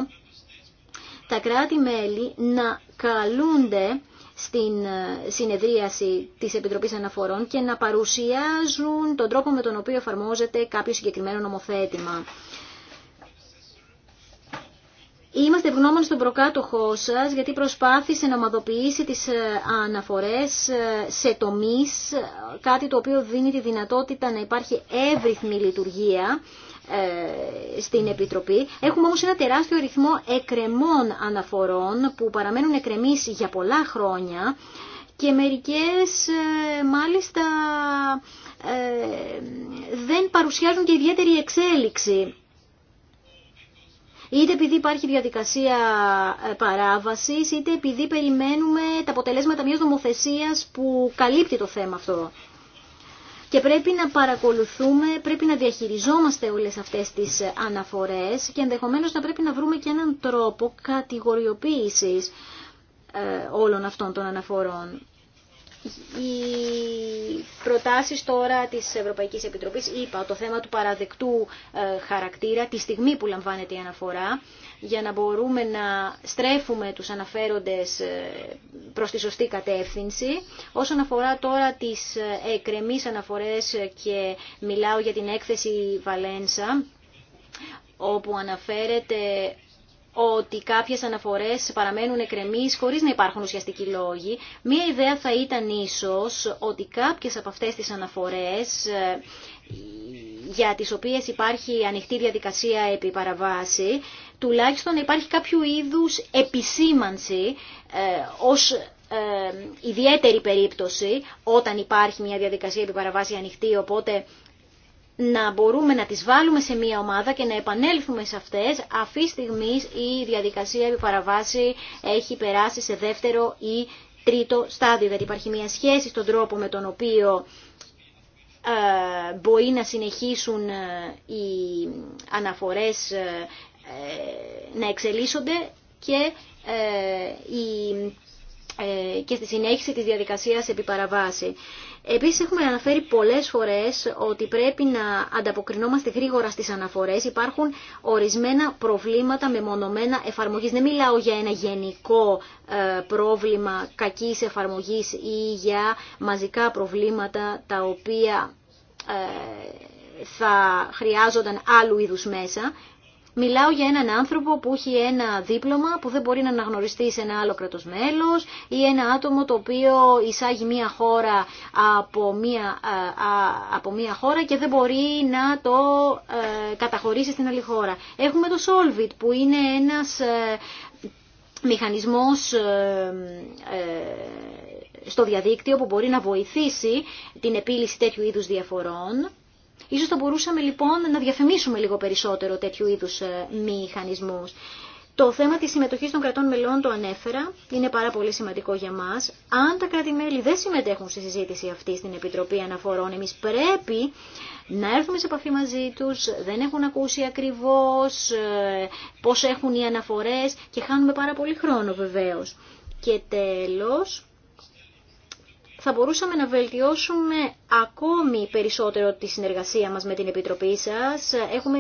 τα κράτη-μέλη να καλούνται στην ε, συνεδρίαση της Επιτροπής Αναφορών και να παρουσιάζουν τον τρόπο με τον οποίο εφαρμόζεται κάποιο συγκεκριμένο νομοθέτημα. Είμαστε ευγνώμων στον προκάτοχό σας γιατί προσπάθησε να ομαδοποιήσει τις ε, αναφορές ε, σε τομείς, ε, κάτι το οποίο δίνει τη δυνατότητα να υπάρχει εύρυθμη λειτουργία στην Επιτροπή. Έχουμε όμως ένα τεράστιο ρυθμό εκρεμών αναφορών που παραμένουν εκρεμίσει για πολλά χρόνια και μερικές μάλιστα δεν παρουσιάζουν και ιδιαίτερη εξέλιξη είτε επειδή υπάρχει διαδικασία ε, παράβαση, είτε επειδή περιμένουμε τα αποτελέσματα μιας νομοθεσία που καλύπτει το θέμα αυτό. Και πρέπει να παρακολουθούμε, πρέπει να διαχειριζόμαστε όλες αυτές τις ε, αναφορές και ενδεχομένως να πρέπει να βρούμε και έναν τρόπο κατηγοριοποίησης ε, όλων αυτών των αναφορών. Οι προτάσεις τώρα της Ευρωπαϊκής Επιτροπής, είπα το θέμα του παραδεκτού ε, χαρακτήρα, τη στιγμή που λαμβάνεται η αναφορά, για να μπορούμε να στρέφουμε τους αναφέροντες ε, προς τη σωστή κατεύθυνση. Όσον αφορά τώρα τις ε, εκρεμείς αναφορές και μιλάω για την έκθεση Βαλένσα, όπου αναφέρεται ότι κάποιες αναφορές παραμένουν εκρεμείς χωρίς να υπάρχουν ουσιαστικοί λόγοι. Μία ιδέα θα ήταν ίσως ότι κάποιες από αυτές τις αναφορές ε, για τις οποίες υπάρχει ανοιχτή διαδικασία επί παραβάση, τουλάχιστον να υπάρχει κάποιο είδους επισήμανση ε, ως ε, ιδιαίτερη περίπτωση όταν υπάρχει μια διαδικασία επί παραβάση ανοιχτή, οπότε να μπορούμε να τις βάλουμε σε μία ομάδα και να επανέλθουμε σε αυτές. αφή στιγμής στιγμή η διαδικασία επιπαραβάση έχει περάσει σε δεύτερο ή τρίτο στάδιο. Δηλαδή υπάρχει μία σχέση στον τρόπο με τον οποίο ε, μπορεί να συνεχίσουν ε, οι αναφορές ε, να εξελίσσονται και η ε, και στη συνέχιση της διαδικασίας επί παραβάση. Επίσης έχουμε αναφέρει πολλές φορές ότι πρέπει να ανταποκρινόμαστε γρήγορα στις αναφορές. Υπάρχουν ορισμένα προβλήματα με μονομένα εφαρμογής. Δεν μιλάω για ένα γενικό ε, πρόβλημα κακής εφαρμογής ή για μαζικά προβλήματα τα οποία ε, θα χρειάζονταν άλλου είδους μέσα. Μιλάω για έναν άνθρωπο που έχει ένα δίπλωμα που δεν μπορεί να αναγνωριστεί σε ένα άλλο κρατος μέλος ή ένα άτομο το οποίο εισάγει μία χώρα από μία, ε, από μία χώρα και δεν μπορεί να το ε, καταχωρήσει στην άλλη χώρα. Έχουμε το Solvit που είναι ένας ε, μηχανισμός στο διαδίκτυο που μπορεί να βοηθήσει την επίλυση τέτοιου είδους διαφορών Ίσως θα μπορούσαμε λοιπόν να διαφημίσουμε λίγο περισσότερο τέτοιου είδους ε, μηχανισμούς. Το θέμα της συμμετοχής των κρατών μελών το ανέφερα, είναι πάρα πολύ σημαντικό για μας. Αν τα κράτη-μέλη δεν συμμετέχουν στη συζήτηση αυτή στην Επιτροπή Αναφορών, εμείς πρέπει να έρθουμε σε επαφή μαζί τους, δεν έχουν ακούσει ακριβώς ε, πώς έχουν οι αναφορές και χάνουμε πάρα πολύ χρόνο βεβαίως. Και τέλος, θα μπορούσαμε να βελτιώσουμε ακόμη περισσότερο τη συνεργασία μας με την Επιτροπή σας. Έχουμε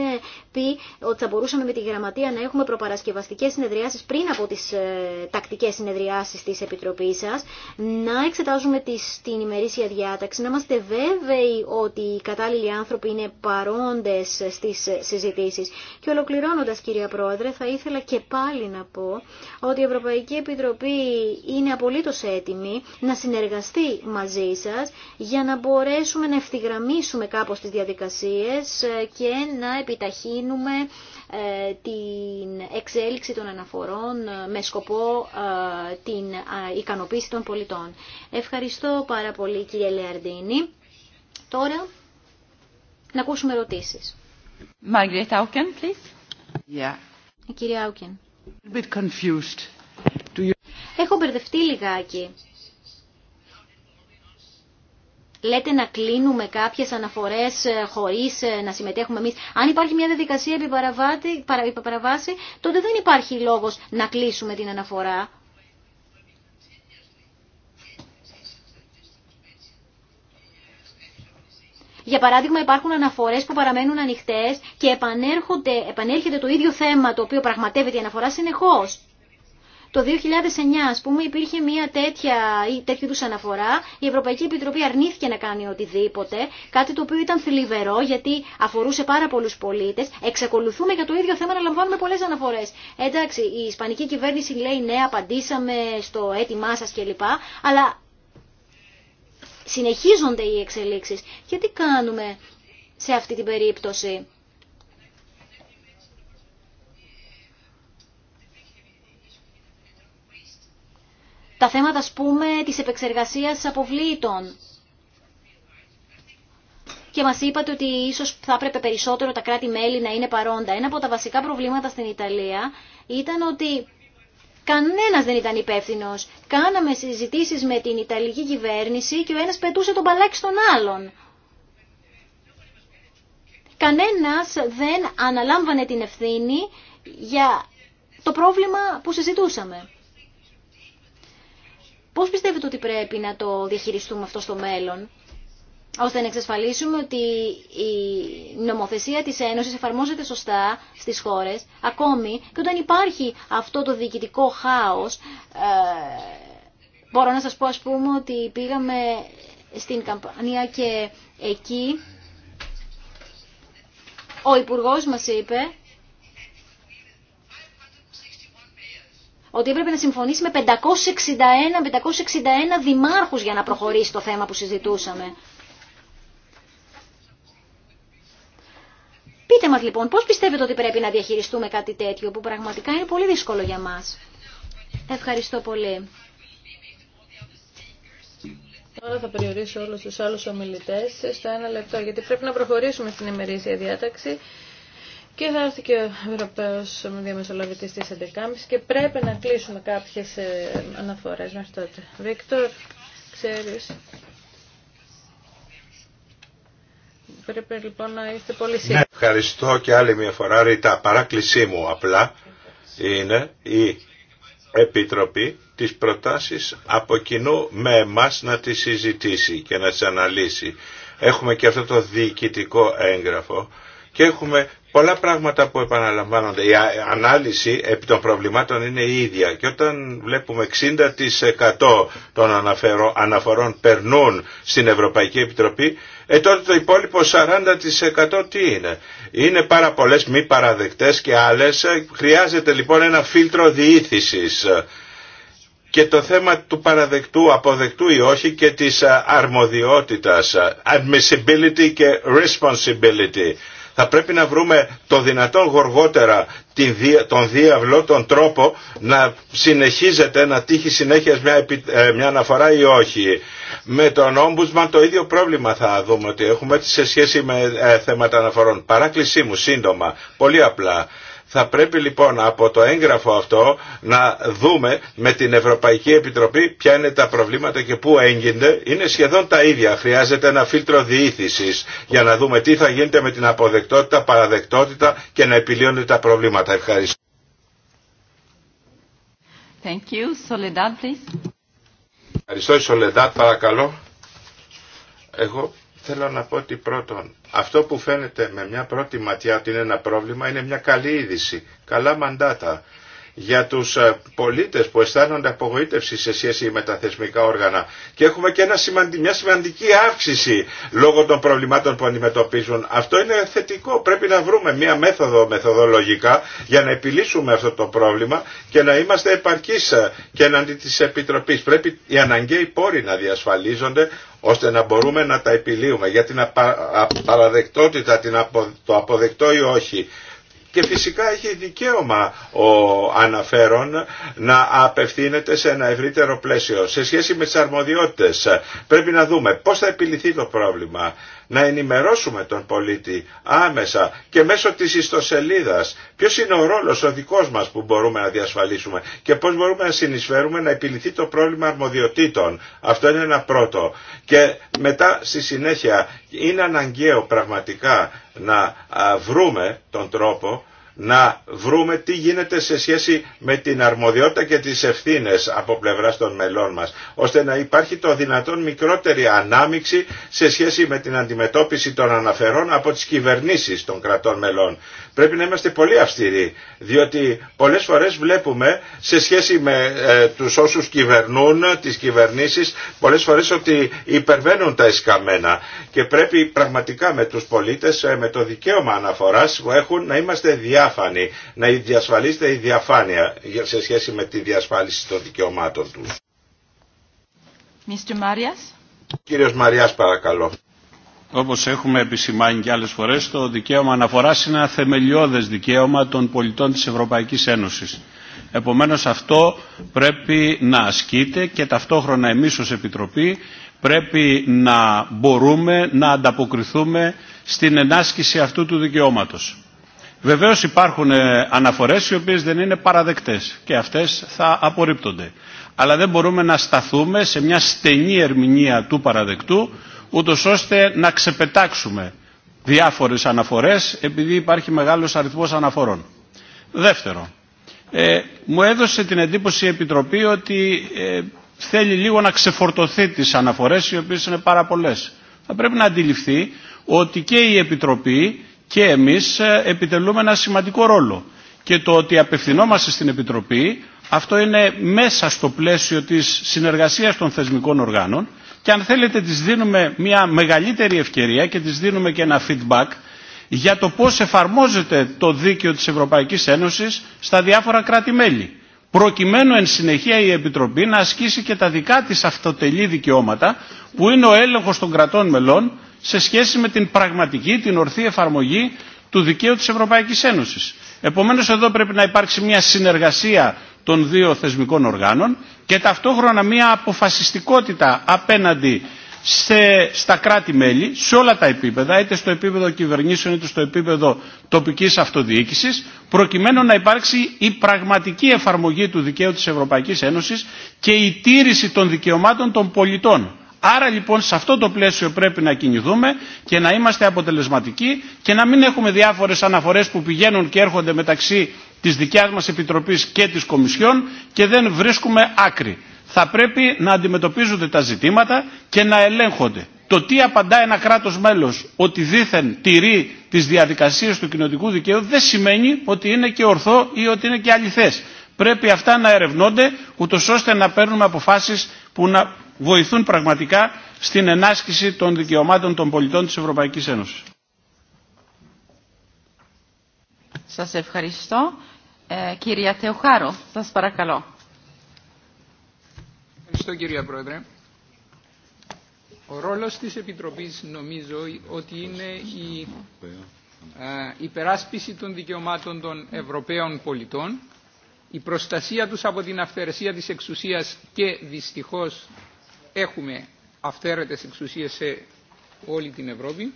πει ότι θα μπορούσαμε με τη Γραμματεία να έχουμε προπαρασκευαστικές συνεδριάσεις πριν από τις ε, τακτικές συνεδριάσεις της Επιτροπής σας, να εξετάζουμε την ημερήσια διάταξη, να είμαστε βέβαιοι ότι οι κατάλληλοι άνθρωποι είναι παρόντες στις συζητήσεις. Και ολοκληρώνοντας, κυρία Πρόεδρε, θα ήθελα και πάλι να πω ότι η Ευρωπαϊκή Επιτροπή είναι απολύτως έτοιμη να συνεργαστεί μαζί σας για να μπορεί μπορέσουμε να ευθυγραμμίσουμε κάπως τις διαδικασίες ε, και να επιταχύνουμε ε, την εξέλιξη των αναφορών ε, με σκοπό την ικανοποίηση των πολιτών. Ευχαριστώ πάρα πολύ κύριε Λεαρντίνη. Τώρα να ακούσουμε ερωτήσεις. Margaret κυρία A Έχω μπερδευτεί λιγάκι λέτε να κλείνουμε κάποιες αναφορές ε, χωρίς ε, να συμμετέχουμε εμεί. Αν υπάρχει μια διαδικασία επί παραβάση, τότε δεν υπάρχει λόγος να κλείσουμε την αναφορά. Για παράδειγμα υπάρχουν αναφορές που παραμένουν ανοιχτέ και επανέρχεται το ίδιο θέμα το οποίο πραγματεύεται η αναφορά συνεχώς. Το 2009, ας πούμε, υπήρχε μια τέτοια ή τέτοιου τους αναφορά. Η Ευρωπαϊκή Επιτροπή αρνήθηκε να κάνει οτιδήποτε, κάτι το οποίο ήταν θλιβερό γιατί αφορούσε πάρα πολλούς πολίτες. Εξακολουθούμε για το ίδιο θέμα να λαμβάνουμε πολλές αναφορές. Εντάξει, η Ισπανική κυβέρνηση λέει ναι, απαντήσαμε στο αίτημά σας κλπ. Αλλά συνεχίζονται οι εξελίξεις. Και τι κάνουμε σε αυτή την περίπτωση. τα θέματα, ας πούμε, της επεξεργασίας αποβλήτων. Και μας είπατε ότι ίσως θα έπρεπε περισσότερο τα κράτη-μέλη να είναι παρόντα. Ένα από τα βασικά προβλήματα στην Ιταλία ήταν ότι κανένας δεν ήταν υπεύθυνο. Κάναμε συζητήσεις με την Ιταλική κυβέρνηση και ο ένας πετούσε τον παλάκι στον άλλον. Κανένας δεν αναλάμβανε την ευθύνη για το πρόβλημα που συζητούσαμε. Πώς πιστεύετε ότι πρέπει να το διαχειριστούμε αυτό στο μέλλον, ώστε να εξασφαλίσουμε ότι η νομοθεσία της Ένωσης εφαρμόζεται σωστά στις χώρες, ακόμη και όταν υπάρχει αυτό το διοικητικό χάος. Ε, μπορώ να σας πω, ας πούμε, ότι πήγαμε στην Καμπανία και εκεί ο Υπουργός μας είπε ότι έπρεπε να συμφωνήσει με 561, 561 δημάρχους για να προχωρήσει το θέμα που συζητούσαμε. Πείτε μας λοιπόν, πώς πιστεύετε ότι πρέπει να διαχειριστούμε κάτι τέτοιο, που πραγματικά είναι πολύ δύσκολο για μας. Ευχαριστώ πολύ. Τώρα θα περιορίσω όλους τους άλλους ομιλητές στο ένα λεπτό, γιατί πρέπει να προχωρήσουμε στην ημερήσια διάταξη. Και θα έρθει και ο Ευρωπαίος Διαμεσολαβητή τη 11.30 και πρέπει να κλείσουμε κάποιε αναφορέ μέχρι τότε. Βίκτορ, ξέρει. Πρέπει λοιπόν να είστε πολύ σύντομοι. Ναι, ευχαριστώ και άλλη μια φορά ρητά. Παράκλησή μου απλά είναι η Επιτροπή τις προτάσεις από κοινού με εμάς να τις συζητήσει και να τις αναλύσει. Έχουμε και αυτό το διοικητικό έγγραφο και έχουμε πολλά πράγματα που επαναλαμβάνονται. Η ανάλυση επί των προβλημάτων είναι η ίδια και όταν βλέπουμε 60% των αναφορών περνούν στην Ευρωπαϊκή Επιτροπή, ε, τότε το υπόλοιπο 40% τι είναι. Είναι πάρα πολλές μη παραδεκτές και άλλες. Ε, χρειάζεται λοιπόν ένα φίλτρο διήθησης και το θέμα του παραδεκτού, αποδεκτού ή όχι και της ε, αρμοδιότητας, ε, admissibility και responsibility θα πρέπει να βρούμε το δυνατόν γοργότερα τον διαβλό, τον τρόπο να συνεχίζεται, να τύχει συνέχεια μια, ε, μια αναφορά ή όχι. Με τον Ombudsman το ίδιο πρόβλημα θα δούμε ότι έχουμε σε σχέση με ε, θέματα αναφορών. Παράκλησή μου, σύντομα, πολύ απλά. Θα πρέπει λοιπόν από το έγγραφο αυτό να δούμε με την Ευρωπαϊκή Επιτροπή ποια είναι τα προβλήματα και πού έγκυνται. Είναι σχεδόν τα ίδια. Χρειάζεται ένα φίλτρο διήθησης για να δούμε τι θα γίνεται με την αποδεκτότητα, παραδεκτότητα και να επιλύονται τα προβλήματα. Ευχαριστώ. Thank you. Soledad, Ευχαριστώ, παρακαλώ. Εγώ θέλω να πω ότι πρώτον αυτό που φαίνεται με μια πρώτη ματιά ότι είναι ένα πρόβλημα είναι μια καλή είδηση. Καλά μαντάτα για τους ε, πολίτες που αισθάνονται απογοήτευση σε σχέση με τα θεσμικά όργανα. Και έχουμε και μια σημαντική αύξηση λόγω των προβλημάτων που αντιμετωπίζουν. Αυτό είναι θετικό. Πρέπει να βρούμε μια μέθοδο μεθοδολογικά για να επιλύσουμε αυτό το πρόβλημα και να είμαστε επαρκείς ε, και εναντί της Επιτροπής. Πρέπει οι αναγκαίοι πόροι να διασφαλίζονται ώστε να μπορούμε να τα επιλύουμε για την παραδεκτότητα, την το αποδεκτό ή όχι και φυσικά έχει δικαίωμα ο αναφέρον να απευθύνεται σε ένα ευρύτερο πλαίσιο. Σε σχέση με τις αρμοδιότητες πρέπει να δούμε πώς θα επιληθεί το πρόβλημα να ενημερώσουμε τον πολίτη άμεσα και μέσω της ιστοσελίδας ποιος είναι ο ρόλος ο δικός μας που μπορούμε να διασφαλίσουμε και πώς μπορούμε να συνεισφέρουμε να επιληθεί το πρόβλημα αρμοδιοτήτων. Αυτό είναι ένα πρώτο. Και μετά στη συνέχεια είναι αναγκαίο πραγματικά να βρούμε τον τρόπο να βρούμε τι γίνεται σε σχέση με την αρμοδιότητα και τις ευθύνες από πλευράς των μελών μας, ώστε να υπάρχει το δυνατόν μικρότερη ανάμιξη σε σχέση με την αντιμετώπιση των αναφερών από τις κυβερνήσεις των κρατών μελών. Πρέπει να είμαστε πολύ αυστηροί, διότι πολλές φορές βλέπουμε σε σχέση με ε, τους όσους κυβερνούν, τις κυβερνήσεις, πολλές φορές ότι υπερβαίνουν τα εσκαμμένα και πρέπει πραγματικά με τους πολίτες, ε, με το δικαίωμα αναφοράς που έχουν να είμαστε διάφανοι, να διασφαλίζεται η διαφάνεια σε σχέση με τη διασφάλιση των δικαιωμάτων τους. Mr. Κύριος Μαριάς παρακαλώ όπως έχουμε επισημάνει και άλλες φορές, το δικαίωμα αναφοράς είναι ένα θεμελιώδες δικαίωμα των πολιτών της Ευρωπαϊκής Ένωσης. Επομένως αυτό πρέπει να ασκείται και ταυτόχρονα εμείς ως Επιτροπή πρέπει να μπορούμε να ανταποκριθούμε στην ενάσκηση αυτού του δικαιώματος. Βεβαίως υπάρχουν ε, αναφορές οι οποίες δεν είναι παραδεκτές και αυτές θα απορρίπτονται. Αλλά δεν μπορούμε να σταθούμε σε μια στενή ερμηνεία του παραδεκτού ούτως ώστε να ξεπετάξουμε διάφορες αναφορές επειδή υπάρχει μεγάλος αριθμός αναφορών. Δεύτερο, ε, μου έδωσε την εντύπωση η Επιτροπή ότι ε, θέλει λίγο να ξεφορτωθεί τις αναφορές οι οποίες είναι πάρα πολλές. Θα πρέπει να αντιληφθεί ότι και η Επιτροπή και εμείς ε, επιτελούμε ένα σημαντικό ρόλο και το ότι απευθυνόμαστε στην Επιτροπή αυτό είναι μέσα στο πλαίσιο της συνεργασίας των θεσμικών οργάνων και αν θέλετε τις δίνουμε μια μεγαλύτερη ευκαιρία και τις δίνουμε και ένα feedback για το πώς εφαρμόζεται το δίκαιο της Ευρωπαϊκής Ένωσης στα διάφορα κράτη-μέλη. Προκειμένου εν συνεχεία η Επιτροπή να ασκήσει και τα δικά της αυτοτελή δικαιώματα που είναι ο έλεγχος των κρατών μελών σε σχέση με την πραγματική, την ορθή εφαρμογή του δικαίου της Ευρωπαϊκής Ένωσης. Επομένως εδώ πρέπει να υπάρξει μια συνεργασία των δύο θεσμικών οργάνων και ταυτόχρονα μια αποφασιστικότητα απέναντι σε, στα κράτη-μέλη, σε όλα τα επίπεδα, είτε στο επίπεδο κυβερνήσεων είτε στο επίπεδο τοπικής αυτοδιοίκησης, προκειμένου να υπάρξει η πραγματική εφαρμογή του δικαίου της Ευρωπαϊκής Ένωσης και η τήρηση των δικαιωμάτων των πολιτών. Άρα λοιπόν σε αυτό το πλαίσιο πρέπει να κινηθούμε και να είμαστε αποτελεσματικοί και να μην έχουμε διάφορες αναφορές που πηγαίνουν και έρχονται μεταξύ της δικιάς μας Επιτροπής και της Κομισιόν και δεν βρίσκουμε άκρη. Θα πρέπει να αντιμετωπίζονται τα ζητήματα και να ελέγχονται. Το τι απαντά ένα κράτος μέλος ότι δήθεν τηρεί τις διαδικασίες του κοινοτικού δικαίου δεν σημαίνει ότι είναι και ορθό ή ότι είναι και αληθές. Πρέπει αυτά να ερευνώνται ούτως ώστε να παίρνουμε αποφάσεις που να βοηθούν πραγματικά στην ενάσκηση των δικαιωμάτων των πολιτών της Ευρωπαϊκής Ένωσης. Σας ευχαριστώ. Ε, κυρία Θεοχάρου, σας παρακαλώ. Ευχαριστώ κυρία Πρόεδρε. Ο ρόλος της Επιτροπής νομίζω ότι είναι η ε, υπεράσπιση των δικαιωμάτων των Ευρωπαίων πολιτών, η προστασία τους από την αυθαιρεσία της εξουσίας και δυστυχώς έχουμε αυθαίρετες εξουσίες σε όλη την Ευρώπη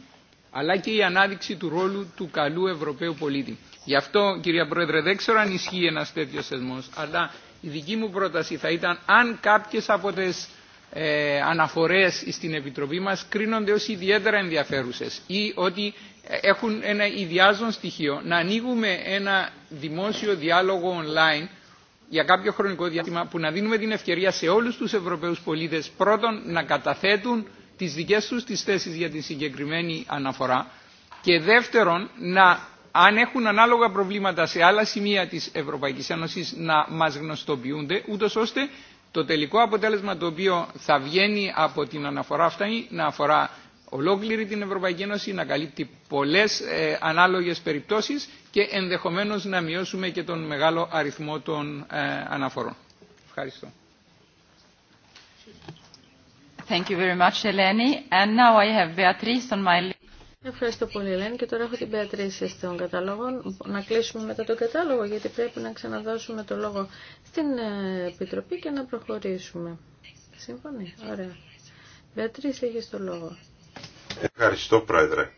αλλά και η ανάδειξη του ρόλου του καλού Ευρωπαίου πολίτη. Γι' αυτό, κυρία Πρόεδρε, δεν ξέρω αν ισχύει ένας τέτοιος θεσμός, αλλά η δική μου πρόταση θα ήταν αν κάποιες από τις ε, αναφορές στην Επιτροπή μας κρίνονται ως ιδιαίτερα ενδιαφέρουσες ή ότι ε, έχουν ένα ιδιάζον στοιχείο, να ανοίγουμε ένα δημόσιο διάλογο online για κάποιο χρονικό διάστημα που να δίνουμε την ευκαιρία σε όλους τους Ευρωπαίους πολίτες πρώτον να καταθέτουν τις δικές τους τις θέσεις για την συγκεκριμένη αναφορά και δεύτερον να αν έχουν ανάλογα προβλήματα σε άλλα σημεία της Ευρωπαϊκής Ένωσης να μας γνωστοποιούνται ούτως ώστε το τελικό αποτέλεσμα το οποίο θα βγαίνει από την αναφορά αυτά να αφορά ολόκληρη την Ευρωπαϊκή Ένωση, να καλύπτει πολλές ε, ανάλογες περιπτώσεις και ενδεχομένως να μειώσουμε και τον μεγάλο αριθμό των ε, αναφορών. Ευχαριστώ. Ευχαριστώ πολύ, Ελένη. Και τώρα έχω την Πεατρίση στον κατάλογο. Να κλείσουμε μετά τον κατάλογο, γιατί πρέπει να ξαναδώσουμε το λόγο στην ε, Επιτροπή και να προχωρήσουμε. Συμφωνεί. Ωραία. Πεατρίση, έχεις το λόγο. Ευχαριστώ, Πρόεδρε.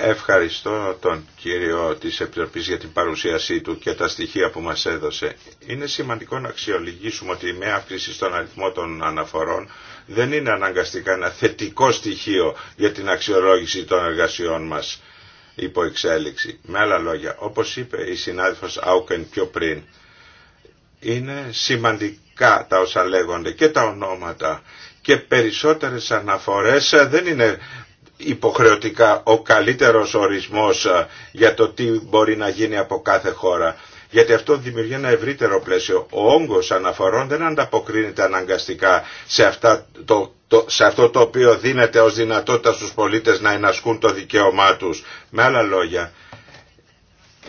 Ευχαριστώ τον κύριο της Επιτροπής για την παρουσίασή του και τα στοιχεία που μας έδωσε. Είναι σημαντικό να αξιολογήσουμε ότι με αύξηση στον αριθμό των αναφορών δεν είναι αναγκαστικά ένα θετικό στοιχείο για την αξιολόγηση των εργασιών μας υπό εξέλιξη. Με άλλα λόγια, όπως είπε η συνάδελφος Άουκεν πιο πριν, είναι σημαντικά τα όσα λέγονται και τα ονόματα και περισσότερες αναφορές δεν είναι υποχρεωτικά ο καλύτερος ορισμός για το τι μπορεί να γίνει από κάθε χώρα. Γιατί αυτό δημιουργεί ένα ευρύτερο πλαίσιο. Ο όγκος αναφορών δεν ανταποκρίνεται αναγκαστικά σε, αυτό το οποίο δίνεται ως δυνατότητα στους πολίτες να ενασκούν το δικαίωμά τους. Με άλλα λόγια,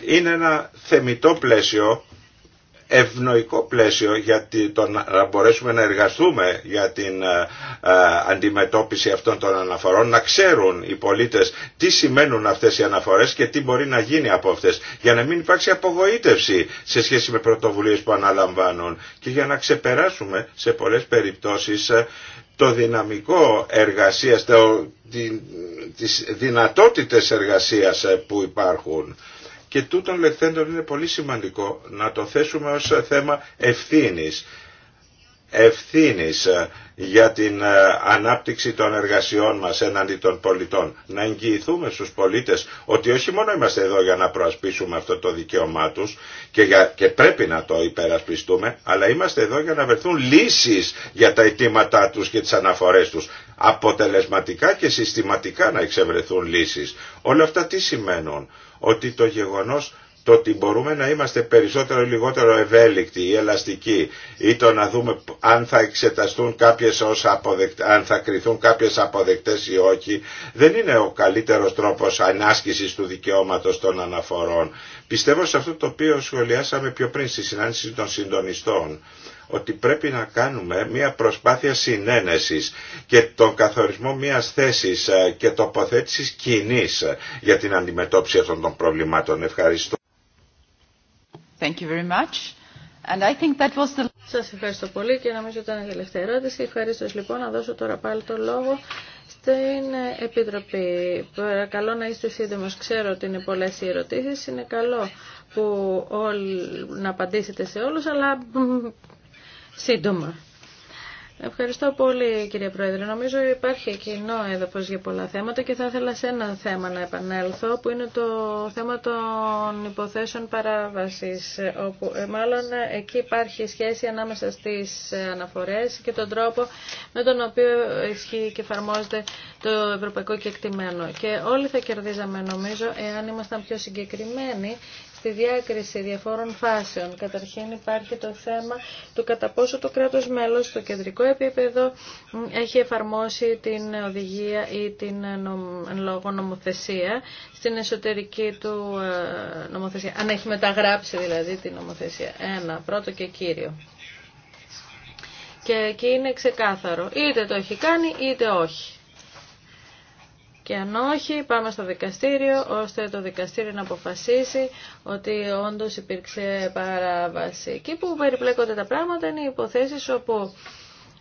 είναι ένα θεμητό πλαίσιο ευνοϊκό πλαίσιο για να μπορέσουμε να εργαστούμε για την ε, ε, αντιμετώπιση αυτών των αναφορών, να ξέρουν οι πολίτες τι σημαίνουν αυτές οι αναφορές και τι μπορεί να γίνει από αυτές, για να μην υπάρξει απογοήτευση σε σχέση με πρωτοβουλίες που αναλαμβάνουν και για να ξεπεράσουμε σε πολλές περιπτώσεις ε, το δυναμικό εργασίας, το, τις δυνατότητες εργασίας που υπάρχουν. Και τούτων λεχθέντων είναι πολύ σημαντικό να το θέσουμε ως θέμα ευθύνης. Ευθύνης ε, για την ε, ανάπτυξη των εργασιών μας έναντι των πολιτών. Να εγγυηθούμε στους πολίτες ότι όχι μόνο είμαστε εδώ για να προασπίσουμε αυτό το δικαίωμά τους και, για, και πρέπει να το υπερασπιστούμε, αλλά είμαστε εδώ για να βρεθούν λύσεις για τα αιτήματά τους και τις αναφορές τους. Αποτελεσματικά και συστηματικά να εξευρεθούν λύσεις. Όλα αυτά τι σημαίνουν ότι το γεγονός το ότι μπορούμε να είμαστε περισσότερο ή λιγότερο ευέλικτοι ή ελαστικοί ή το να δούμε αν θα εξεταστούν κάποιες ως αποδεκτές, αν θα κριθούν κάποιες αποδεκτές ή όχι δεν είναι ο καλύτερος τρόπος ανάσκησης του δικαιώματος των αναφορών. Πιστεύω σε αυτό το οποίο σχολιάσαμε πιο πριν στη συνάντηση των συντονιστών ότι πρέπει να κάνουμε μια προσπάθεια συνένεσης και τον καθορισμό μιας θέσης ε, και τοποθέτησης κοινή για την αντιμετώπιση αυτών των προβλημάτων. Ευχαριστώ. Thank you very much. And I think that was the... Σας ευχαριστώ πολύ και νομίζω ήταν η τελευταία ερώτηση. Ευχαριστώ λοιπόν να δώσω τώρα πάλι το λόγο στην Επιτροπή. Παρακαλώ να είστε σύντομος. Ξέρω ότι είναι πολλές οι ερωτήσεις. Είναι καλό που να απαντήσετε σε όλους, αλλά σύντομα. Ευχαριστώ πολύ κύριε Πρόεδρε. Νομίζω υπάρχει κοινό έδαφος για πολλά θέματα και θα ήθελα σε ένα θέμα να επανέλθω που είναι το θέμα των υποθέσεων παράβασης όπου ε, μάλλον εκεί υπάρχει σχέση ανάμεσα στις αναφορές και τον τρόπο με τον οποίο ισχύει και εφαρμόζεται το ευρωπαϊκό κεκτημένο. Και όλοι θα κερδίζαμε νομίζω εάν ήμασταν πιο συγκεκριμένοι στη διάκριση διαφόρων φάσεων. Καταρχήν υπάρχει το θέμα του κατά πόσο το κράτος μέλος στο κεντρικό επίπεδο έχει εφαρμόσει την οδηγία ή την λόγω νομοθεσία στην εσωτερική του ε, νομοθεσία. Αν έχει μεταγράψει δηλαδή την νομοθεσία. Ένα, πρώτο και κύριο. Και εκεί είναι ξεκάθαρο. Είτε το έχει κάνει είτε όχι. Και αν όχι, πάμε στο δικαστήριο, ώστε το δικαστήριο να αποφασίσει ότι όντως υπήρξε παράβαση. Εκεί που περιπλέκονται τα πράγματα είναι οι υποθέσεις όπου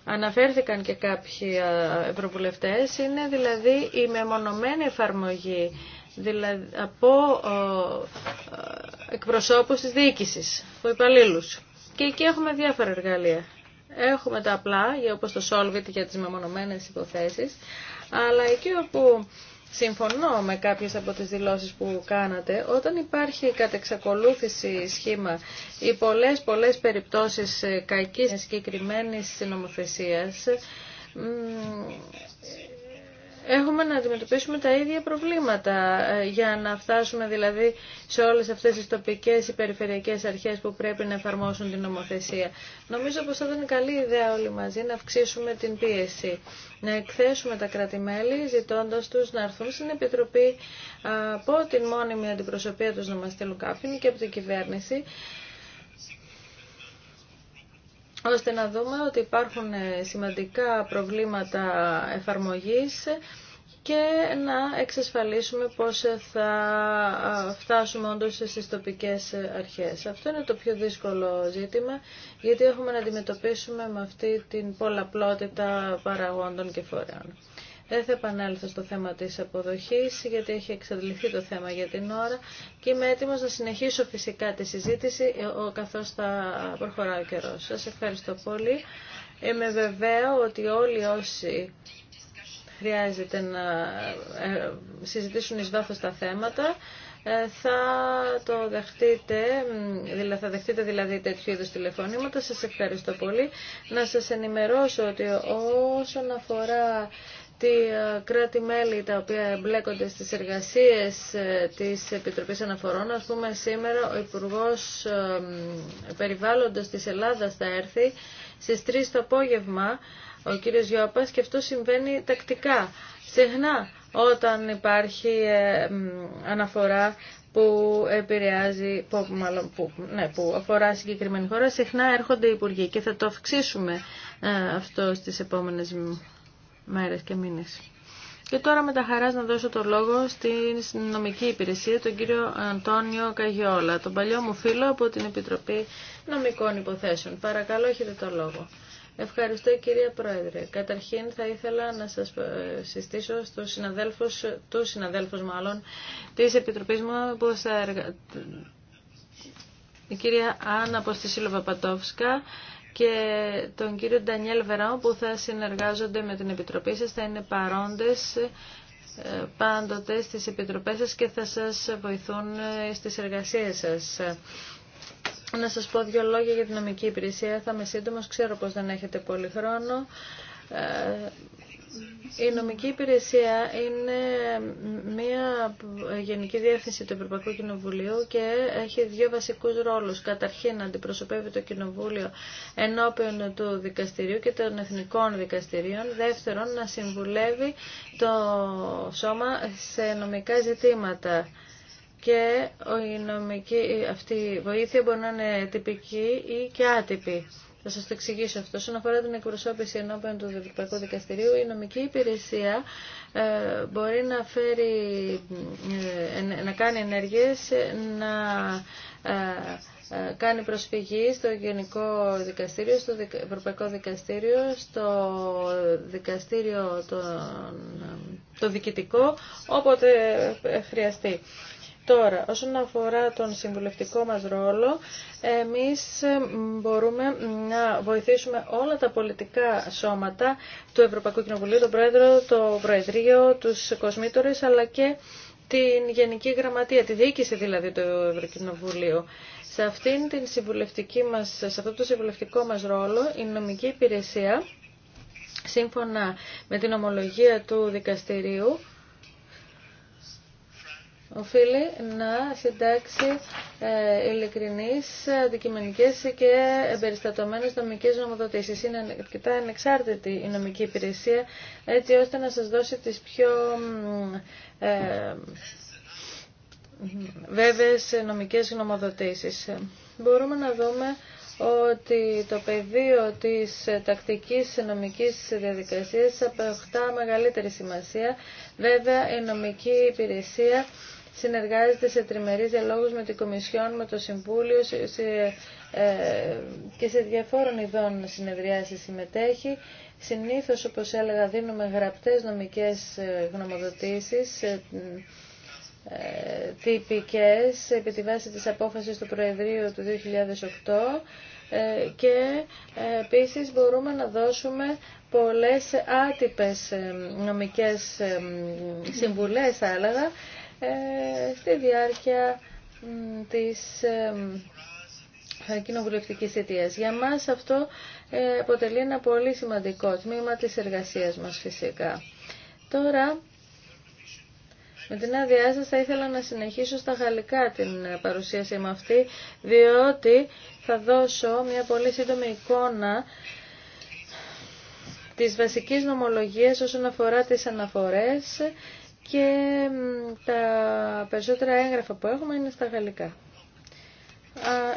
αναφέρθηκαν και κάποιοι ευρωβουλευτές, είναι δηλαδή η μεμονωμένη εφαρμογή δηλαδή από εκπροσώπους της διοίκησης, από υπαλλήλου. Και εκεί έχουμε διάφορα εργαλεία. Έχουμε τα απλά, όπως το Solvit για τις μεμονωμένες υποθέσεις, αλλά εκεί όπου συμφωνώ με κάποιες από τις δηλώσεις που κάνατε, όταν υπάρχει εξακολούθηση σχήμα ή πολλές πολλές περιπτώσεις ε, κακής συγκεκριμένης νομοθεσίας, έχουμε να αντιμετωπίσουμε τα ίδια προβλήματα ε, για να φτάσουμε δηλαδή σε όλες αυτές τις τοπικές ή περιφερειακές αρχές που πρέπει να εφαρμόσουν την νομοθεσία. Νομίζω πως θα ήταν καλή ιδέα όλοι μαζί να αυξήσουμε την πίεση, να εκθέσουμε τα κράτη-μέλη ζητώντας τους να έρθουν στην Επιτροπή από την μόνιμη αντιπροσωπεία τους να μας στείλουν κάποιον και από την κυβέρνηση ώστε να δούμε ότι υπάρχουν ε, σημαντικά προβλήματα εφαρμογής και να εξασφαλίσουμε πώς ε, θα φτάσουμε όντως στις τοπικές ε, αρχές. Αυτό είναι το πιο δύσκολο ζήτημα, γιατί έχουμε να αντιμετωπίσουμε με αυτή την πολλαπλότητα παραγόντων και φορέων. Δεν θα επανέλθω στο θέμα της αποδοχής, γιατί έχει εξαντληθεί το θέμα για την ώρα και είμαι έτοιμος να συνεχίσω φυσικά τη συζήτηση ε, καθώς θα προχωράει ο καιρός. Σας ευχαριστώ πολύ. Είμαι βεβαίω ότι όλοι όσοι χρειάζεται να ε, συζητήσουν εις βάθος τα θέματα ε, θα το δεχτείτε, δηλαδή θα δεχτείτε δηλαδή τέτοιου είδους τηλεφωνήματα. Σας ευχαριστώ πολύ. Να σας ενημερώσω ότι όσον αφορά τι κρατη ε, κράτη-μέλη τα οποία εμπλέκονται στις εργασίες ε, της Επιτροπής Αναφορών, ας πούμε σήμερα ο Υπουργός ε, Περιβάλλοντος της Ελλάδας θα έρθει στις 3 το απόγευμα, ο κύριος Γιώπας, και αυτό συμβαίνει τακτικά. Συχνά όταν υπάρχει αναφορά που επηρεάζει, που, που, ναι, που αφορά συγκεκριμένη χώρα, συχνά έρχονται οι υπουργοί και θα το αυξήσουμε αυτό στις επόμενες μέρες και μήνες. Και τώρα με τα χαράς να δώσω το λόγο στην νομική υπηρεσία, τον κύριο Αντώνιο Καγιόλα, τον παλιό μου φίλο από την Επιτροπή Νομικών Υποθέσεων. Παρακαλώ, έχετε το λόγο. Ευχαριστώ κυρία Πρόεδρε. Καταρχήν θα ήθελα να σας ε, συστήσω στους συναδέλφους, τους συναδέλφους μάλλον, της Επιτροπής μου που θα εργα... Η κυρία Άννα Ποστησίλου και τον κύριο Ντανιέλ Βεράου, που θα συνεργάζονται με την Επιτροπή σας, θα είναι παρόντες ε, πάντοτε στις Επιτροπές σας και θα σας βοηθούν ε, στις εργασίες σας. Να σας πω δύο λόγια για την νομική υπηρεσία. Θα είμαι σύντομος, ξέρω πως δεν έχετε πολύ χρόνο. Ε, η νομική υπηρεσία είναι μια γενική διεύθυνση του Ευρωπαϊκού Κοινοβουλίου και έχει δύο βασικούς ρόλους. Καταρχήν να αντιπροσωπεύει το Κοινοβούλιο ενώπιον του δικαστηρίου και των εθνικών δικαστηρίων. Δεύτερον, να συμβουλεύει το σώμα σε νομικά ζητήματα και η νομική αυτή βοήθεια μπορεί να είναι τυπική ή και άτυπη. Θα σας το εξηγήσω αυτό. Όσον αφορά την εκπροσώπηση ενώπιον του Ευρωπαϊκού Δικαστηρίου, η νομική υπηρεσία ε, μπορεί να, φέρει, ε, να κάνει ενέργειες, ε, να κάνει προσφυγή στο Γενικό Δικαστήριο, στο Ευρωπαϊκό Δικαστήριο, στο Δικαστήριο το, το Διοικητικό, όποτε χρειαστεί. Τώρα, όσον αφορά τον συμβουλευτικό μας ρόλο, εμείς ε, μπορούμε να βοηθήσουμε όλα τα πολιτικά σώματα του Ευρωπαϊκού Κοινοβουλίου, τον Πρόεδρο, το Προεδρείο, τους κοσμήτορες, αλλά και την Γενική Γραμματεία, τη διοίκηση δηλαδή του Ευρωκοινοβουλίου. Σε, αυτήν την αυτό το συμβουλευτικό μας ρόλο, η νομική υπηρεσία, σύμφωνα με την ομολογία του δικαστηρίου, οφείλει να συντάξει ε, ειλικρινείς, αντικειμενικές και εμπεριστατωμένε νομικές νομοδοτήσει. Είναι αρκετά ανεξάρτητη η νομική υπηρεσία έτσι ώστε να σας δώσει τις πιο ε, βέβαιες νομικές νομοδοτήσεις. Μπορούμε να δούμε ότι το πεδίο της τακτικής νομικής διαδικασίας αποκτά μεγαλύτερη σημασία. Βέβαια, η νομική υπηρεσία συνεργάζεται σε τριμερείς διαλόγους με την Κομισιόν, με το Συμβούλιο σε, ε, και σε διαφόρων ειδών συνεδριάσεις συμμετέχει. Συνήθως, όπως έλεγα, δίνουμε γραπτές νομικές ε, γνωμοδοτήσεις, ε, ε, τυπικές, επί τη βάση της απόφασης του Προεδρείου του 2008 ε, και επίσης μπορούμε να δώσουμε πολλές άτυπες νομικές συμβουλές, θα έλεγα, ε, στη διάρκεια της ε, κοινοβουλευτικής θητείας. Για μας αυτό ε, αποτελεί ένα πολύ σημαντικό τμήμα της εργασίας μας φυσικά. Τώρα, με την άδειά σα θα ήθελα να συνεχίσω στα γαλλικά την παρουσίαση μου αυτή, διότι θα δώσω μια πολύ σύντομη εικόνα της βασικής νομολογίας όσον αφορά τις αναφορές και τα περισσότερα έγγραφα που έχουμε είναι στα γαλλικά.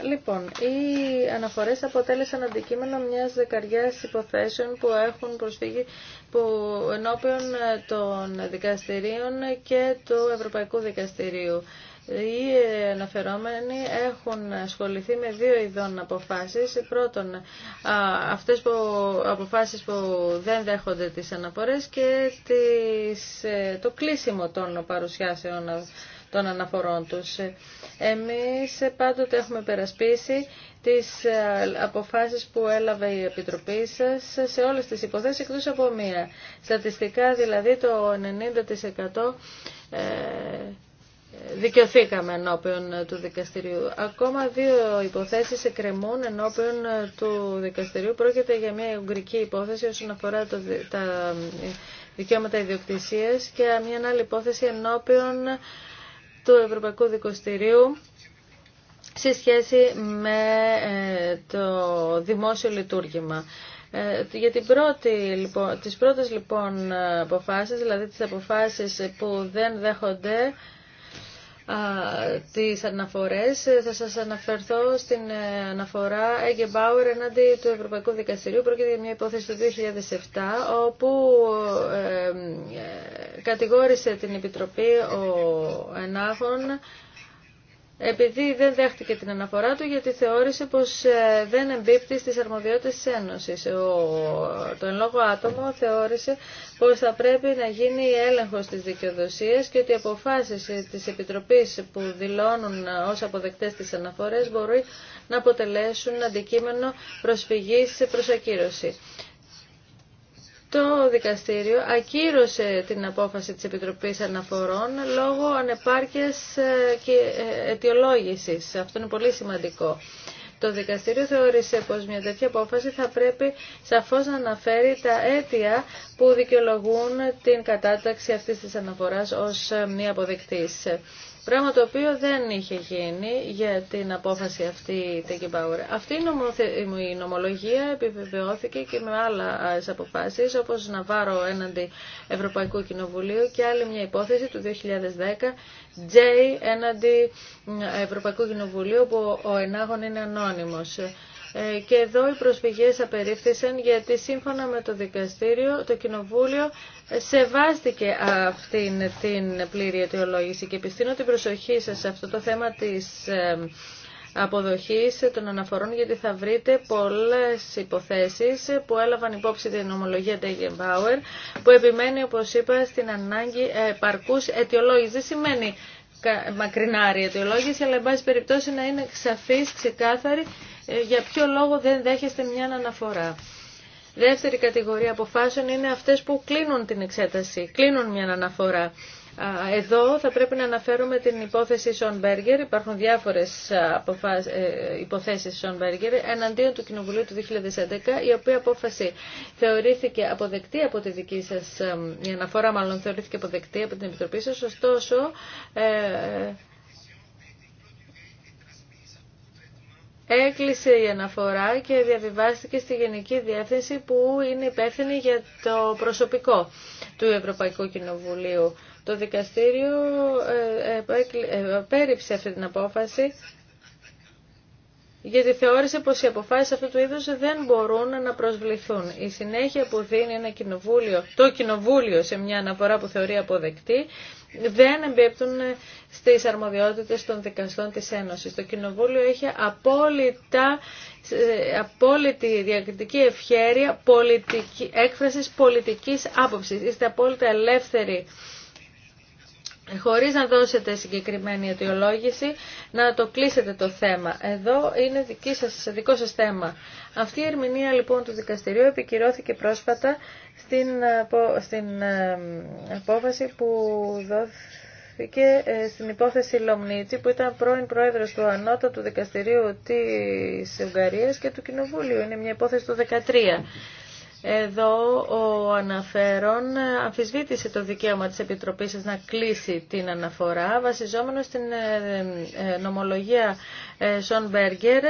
λοιπόν, οι αναφορές αποτέλεσαν αντικείμενο μιας δεκαριάς υποθέσεων που έχουν προσφύγει που ενώπιον των δικαστηρίων και του Ευρωπαϊκού Δικαστηρίου. Οι αναφερόμενοι έχουν ασχοληθεί με δύο ειδών αποφάσεις. Πρώτον, αυτές που, αποφάσεις που δεν δέχονται τις αναφορές και τις, ε, το κλείσιμο των παρουσιάσεων των αναφορών τους. Εμείς πάντοτε έχουμε περασπίσει τις ε, αποφάσεις που έλαβε η Επιτροπή σας σε όλες τις υποθέσεις εκτός από μία. Στατιστικά δηλαδή το 90% δικαιωθήκαμε ενώπιον ε, του δικαστηρίου. Ακόμα δύο υποθέσεις εκκρεμούν ενώπιον ε, του δικαστηρίου. Πρόκειται για μια ουγγρική υπόθεση όσον αφορά το, τα ε, δικαιώματα ιδιοκτησίας και μια άλλη υπόθεση ενώπιον του Ευρωπαϊκού Δικαστηρίου σε σχέση με το δημόσιο λειτουργήμα. Για την πρώτη, λοιπόν, τις πρώτες λοιπόν αποφάσεις, δηλαδή τις αποφάσεις που δεν δέχονται τις αναφορές θα σας αναφερθώ στην ε, αναφορά Εγκεμπάουερ εναντί του Ευρωπαϊκού Δικαστηρίου πρόκειται για μια υπόθεση του 2007 όπου ε, ε, κατηγόρησε την Επιτροπή ο Ενάγων επειδή δεν δέχτηκε την αναφορά του γιατί θεώρησε πως ε, δεν εμπίπτει στις αρμοδιότητες της Ένωσης. Το εν λόγω άτομο θεώρησε πως θα πρέπει να γίνει έλεγχος της δικαιοδοσίας και ότι οι αποφάσεις της Επιτροπής που δηλώνουν ως αποδεκτές τις αναφορές μπορεί να αποτελέσουν αντικείμενο προσφυγής σε προσακύρωση το δικαστήριο ακύρωσε την απόφαση της Επιτροπής Αναφορών λόγω ανεπάρκειας ε, και ε, αιτιολόγησης. Αυτό είναι πολύ σημαντικό. Το δικαστήριο θεώρησε πως μια τέτοια απόφαση θα πρέπει σαφώς να αναφέρει τα αίτια που δικαιολογούν την κατάταξη αυτής της αναφοράς ως ε, μη αποδεκτής. Πράγμα το οποίο δεν είχε γίνει για την απόφαση αυτή η Αυτή η νομολογία επιβεβαιώθηκε και με άλλα αποφάσει, όπω βάρω έναντι Ευρωπαϊκού Κοινοβουλίου και άλλη μια υπόθεση του 2010, J έναντι Ευρωπαϊκού Κοινοβουλίου, που ο ενάγων είναι ανώνυμος. Ε, και εδώ οι προσφυγές απερίφθησαν γιατί σύμφωνα με το δικαστήριο το Κοινοβούλιο σεβάστηκε αυτήν την πλήρη αιτιολόγηση και επιστήνω την προσοχή σας σε αυτό το θέμα της ε, αποδοχής των αναφορών γιατί θα βρείτε πολλές υποθέσεις που έλαβαν υπόψη την ομολογία Πάουερ που επιμένει όπως είπα στην ανάγκη ε, παρκούς αιτιολόγηση. Δεν σημαίνει μακρινά η αιτιολόγηση, αλλά εν πάση περιπτώσει να είναι σαφή, ξεκάθαρη ε, για ποιο λόγο δεν δέχεστε μια αναφορά. Δεύτερη κατηγορία αποφάσεων είναι αυτές που κλείνουν την εξέταση, κλείνουν μια αναφορά. Εδώ θα πρέπει να αναφέρουμε την υπόθεση Σονμπέργκερ. Υπάρχουν διάφορες υποθέσει ε, υποθέσεις Σονμπέργκερ εναντίον του Κοινοβουλίου του 2011, η οποία απόφαση θεωρήθηκε αποδεκτή από τη δική σας, ε, η αναφορά μάλλον θεωρήθηκε αποδεκτή από την Επιτροπή σα, ωστόσο... Ε, έκλεισε η αναφορά και διαβιβάστηκε στη Γενική Διεύθυνση που είναι υπεύθυνη για το προσωπικό του Ευρωπαϊκού Κοινοβουλίου. Το δικαστήριο ε, ε, πέριψε ε, αυτή την απόφαση γιατί θεώρησε πως οι αποφάσεις αυτού του είδους δεν μπορούν να προσβληθούν. Η συνέχεια που δίνει ένα κοινοβούλιο, το κοινοβούλιο σε μια αναφορά που θεωρεί αποδεκτή, δεν εμπίπτουν στις αρμοδιότητες των δικαστών της Ένωσης. Το Κοινοβούλιο έχει απόλυτα, απόλυτη διακριτική ευχέρεια πολιτική, έκφρασης πολιτικής άποψης. Είστε απόλυτα ελεύθεροι χωρίς να δώσετε συγκεκριμένη αιτιολόγηση, να το κλείσετε το θέμα. Εδώ είναι δική σας, δικό σας θέμα. Αυτή η ερμηνεία λοιπόν του δικαστηρίου επικυρώθηκε πρόσφατα στην, ε, στην ε, απόφαση που δόθηκε ε, στην υπόθεση Λομνίτσι που ήταν πρώην πρόεδρος του Ανώτατου Δικαστηρίου της Ουγγαρίας και του Κοινοβούλιου. Είναι μια υπόθεση του 13. Εδώ ο αναφέρον αμφισβήτησε το δικαίωμα της Επιτροπής να κλείσει την αναφορά βασιζόμενο στην ε, ε, νομολογία ε, Σον Μπέργκερ.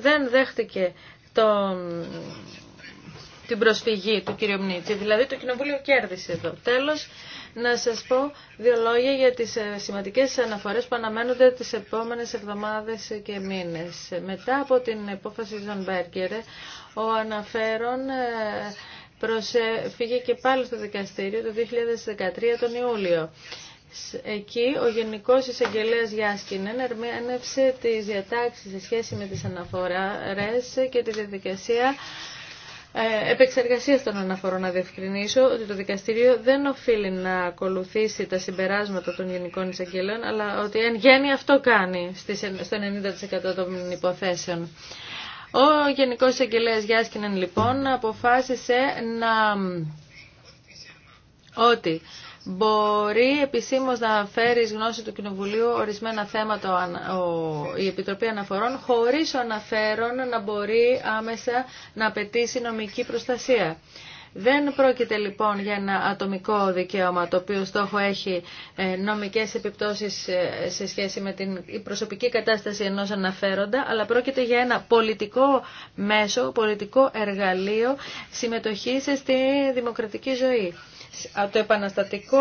Δεν δέχτηκε τον την προσφυγή του κ. Μνίτση. Δηλαδή το Κοινοβούλιο κέρδισε εδώ. Τέλος, να σας πω δύο λόγια για τις σημαντικές αναφορές που αναμένονται τις επόμενες εβδομάδες και μήνες. Μετά από την υπόφαση Σον Μπέργκερ, ο αναφέρον ε, προσεφήγε και πάλι στο δικαστήριο το 2013 τον Ιούλιο. Εκεί ο Γενικός Εισαγγελέας Γιάσκινεν ερμήνευσε τις διατάξεις σε σχέση με τις αναφορές και τη διαδικασία ε, επεξεργασίας των αναφορών να διευκρινίσω ότι το δικαστήριο δεν οφείλει να ακολουθήσει τα συμπεράσματα των γενικών εισαγγελέων αλλά ότι εν γέννη αυτό κάνει στο 90% των υποθέσεων. Ο Γενικός Εισαγγελέας Γιάσκινεν λοιπόν αποφάσισε να ότι μπορεί επισήμως να φέρει γνώση του Κοινοβουλίου ορισμένα θέματα η Επιτροπή Αναφορών χωρίς ο αναφέρον να μπορεί άμεσα να απαιτήσει νομική προστασία. Δεν πρόκειται λοιπόν για ένα ατομικό δικαίωμα το οποίο στόχο έχει ε, νομικές επιπτώσεις ε, σε σχέση με την προσωπική κατάσταση ενός αναφέροντα, αλλά πρόκειται για ένα πολιτικό μέσο, πολιτικό εργαλείο συμμετοχής στη δημοκρατική ζωή. Το επαναστατικό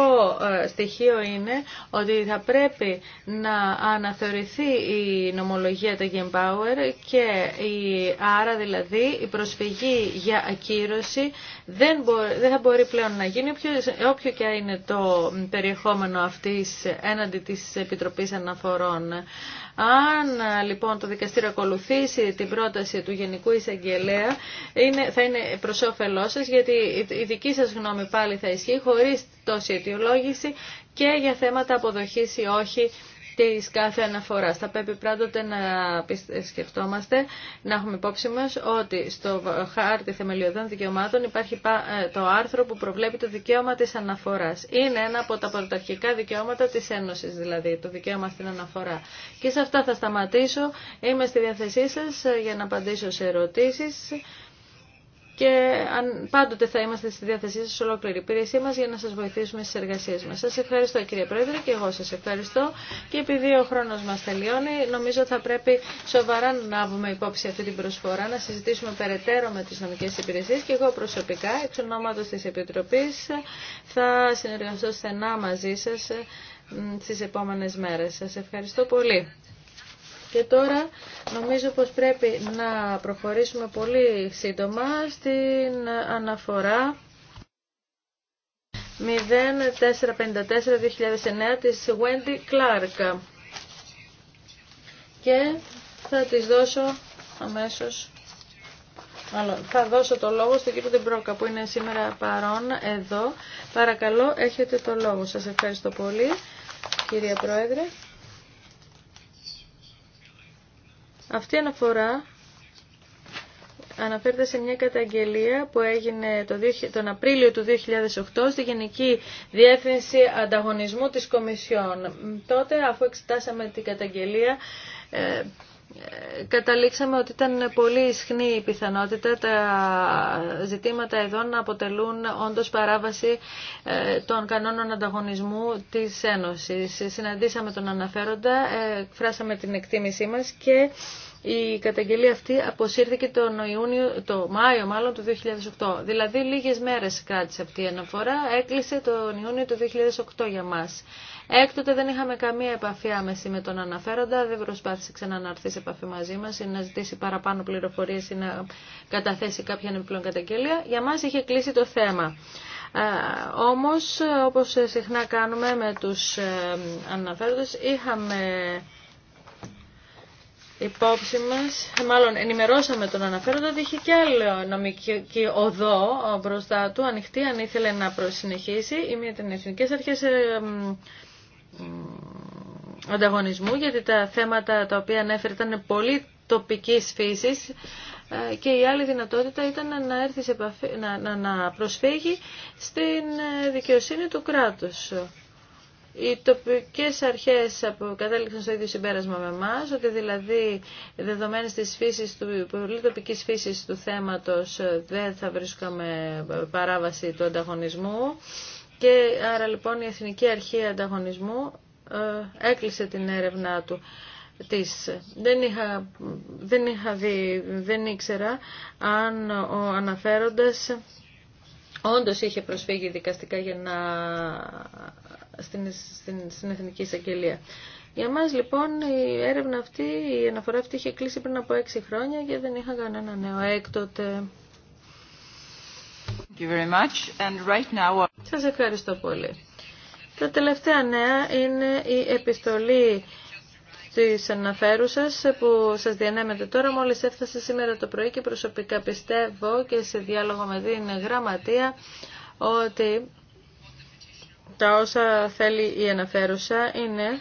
ε, στοιχείο είναι ότι θα πρέπει να αναθεωρηθεί η νομολογία του Power και η, άρα δηλαδή η προσφυγή για ακύρωση δεν, δεν θα μπορεί πλέον να γίνει όποιο, όποιο και είναι το περιεχόμενο αυτής έναντι της Επιτροπής Αναφορών. Αν λοιπόν το δικαστήριο ακολουθήσει την πρόταση του Γενικού Εισαγγελέα είναι, θα είναι προς όφελό σας γιατί η δική σας γνώμη πάλι θα ισχύει χωρίς τόση αιτιολόγηση και για θέματα αποδοχής ή όχι τη κάθε αναφορά. Θα πρέπει πράγματι να σκεφτόμαστε, να έχουμε υπόψη μα ότι στο χάρτη θεμελιωδών δικαιωμάτων υπάρχει ε, το άρθρο που προβλέπει το δικαίωμα τη αναφορά. Είναι ένα από τα πρωταρχικά δικαιώματα τη Ένωση, δηλαδή το δικαίωμα στην αναφορά. Και σε αυτά θα σταματήσω. Είμαι στη διάθεσή σα ε, για να απαντήσω σε ερωτήσει και αν πάντοτε θα είμαστε στη διάθεσή σας ολόκληρη υπηρεσία μας για να σας βοηθήσουμε στις εργασίες μας. Σας ευχαριστώ κύριε Πρόεδρε και εγώ σας ευχαριστώ και επειδή ο χρόνος μας τελειώνει νομίζω θα πρέπει σοβαρά να λάβουμε υπόψη αυτή την προσφορά, να συζητήσουμε περαιτέρω με τις νομικές υπηρεσίες και εγώ προσωπικά εξ ονόματος της Επιτροπής θα συνεργαστώ στενά μαζί σας στις επόμενες μέρες. Σας ευχαριστώ πολύ. Και τώρα νομίζω πως πρέπει να προχωρήσουμε πολύ σύντομα στην αναφορά 0454-2009 της Wendy Clark και θα της δώσω αμέσως Μάλλον, θα δώσω το λόγο στον κύριο Τεμπρόκα που είναι σήμερα παρόν εδώ. Παρακαλώ, έχετε το λόγο. Σας ευχαριστώ πολύ, κυρία Πρόεδρε. Αυτή η αναφορά αναφέρεται σε μια καταγγελία που έγινε τον Απρίλιο του 2008 στη Γενική Διεύθυνση Ανταγωνισμού της Κομισιόν. Τότε, αφού εξετάσαμε την καταγγελία, ε, ε, καταλήξαμε ότι ήταν πολύ ισχνή η πιθανότητα τα ζητήματα εδώ να αποτελούν όντως παράβαση ε, των κανόνων ανταγωνισμού της Ένωσης. Συναντήσαμε τον αναφέροντα, ε, εκφράσαμε την εκτίμησή μας και η καταγγελία αυτή αποσύρθηκε τον Ιούνιο, το Μάιο μάλλον του 2008. Δηλαδή λίγες μέρες κράτησε αυτή η αναφορά, έκλεισε τον Ιούνιο του 2008 για μας. Έκτοτε δεν είχαμε καμία επαφή άμεση με τον αναφέροντα, δεν προσπάθησε ξανά να έρθει σε επαφή μαζί μα ή να ζητήσει παραπάνω πληροφορίες ή να καταθέσει κάποια ανεπιπλέον καταγγελία. Για μας είχε κλείσει το θέμα. Ε, όμως, όπως συχνά κάνουμε με τους ε, αναφέροντε, είχαμε υπόψη μας, μάλλον ενημερώσαμε τον αναφέροντα ότι είχε και άλλη νομική οδό μπροστά του, ανοιχτή, αν ήθελε να προσυνεχίσει, ή με την Εθνικές Αρχές ε, ανταγωνισμού γιατί τα θέματα τα οποία ανέφερε ήταν πολύ τοπικής φύσης ε, και η άλλη δυνατότητα ήταν να, έρθει σε να, να, προσφύγει στην ε, δικαιοσύνη του κράτους. Οι τοπικές αρχές κατέληξαν στο ίδιο συμπέρασμα με εμά, ότι δηλαδή δεδομένε της φύσης, του, πολύ τοπικής φύσης του θέματος ε, δεν θα βρίσκαμε παράβαση του ανταγωνισμού. Και άρα λοιπόν η Εθνική Αρχή Ανταγωνισμού ε, έκλεισε την έρευνά του. Της. Δεν, είχα, δεν είχα δεν ήξερα αν ο αναφέροντας όντως είχε προσφύγει δικαστικά για να... στην, στην, στην Εθνική Εισαγγελία. Για μας λοιπόν η έρευνα αυτή, η αναφορά αυτή είχε κλείσει πριν από έξι χρόνια και δεν είχα κανένα νέο έκτοτε. Right uh, Σας ευχαριστώ πολύ. Τα τελευταία νέα είναι η επιστολή της αναφέρουσας που σας διανέμεται τώρα μόλις έφτασε σήμερα το πρωί και προσωπικά πιστεύω και σε διάλογο με την γραμματεία ότι τα όσα θέλει η αναφέρουσα είναι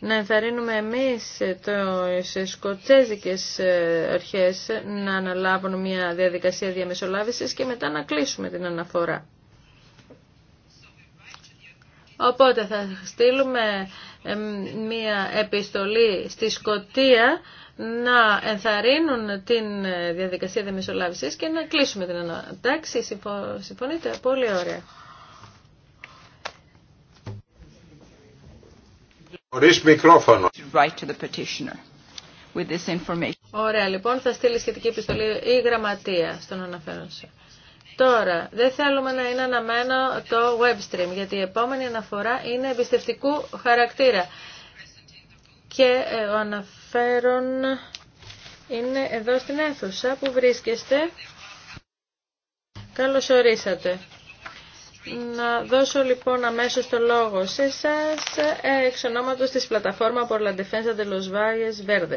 να ενθαρρύνουμε εμείς τις σκοτσέζικες ε, αρχές να αναλάβουν μια διαδικασία διαμεσολάβησης και μετά να κλείσουμε την αναφορά. Οπότε θα στείλουμε μια επιστολή στη Σκοτία να ενθαρρύνουν την ε, διαδικασία διαμεσολάβησης και να κλείσουμε την αναφορά. Εντάξει, συμφωνείτε, πολύ ωραία. Χωρίς μικρόφωνο. Ωραία, λοιπόν, θα στείλει σχετική επιστολή η γραμματεία στον αναφέροντα. Τώρα, δεν θέλουμε να είναι αναμένο το web stream, γιατί η επόμενη αναφορά είναι εμπιστευτικού χαρακτήρα. Και ε, ο αναφέρον είναι εδώ στην αίθουσα που βρίσκεστε. Καλώς ορίσατε. Να δώσω λοιπόν αμέσως το λόγο σε εσάς ε, εξ ονόματος της πλατφόρμα por la defensa de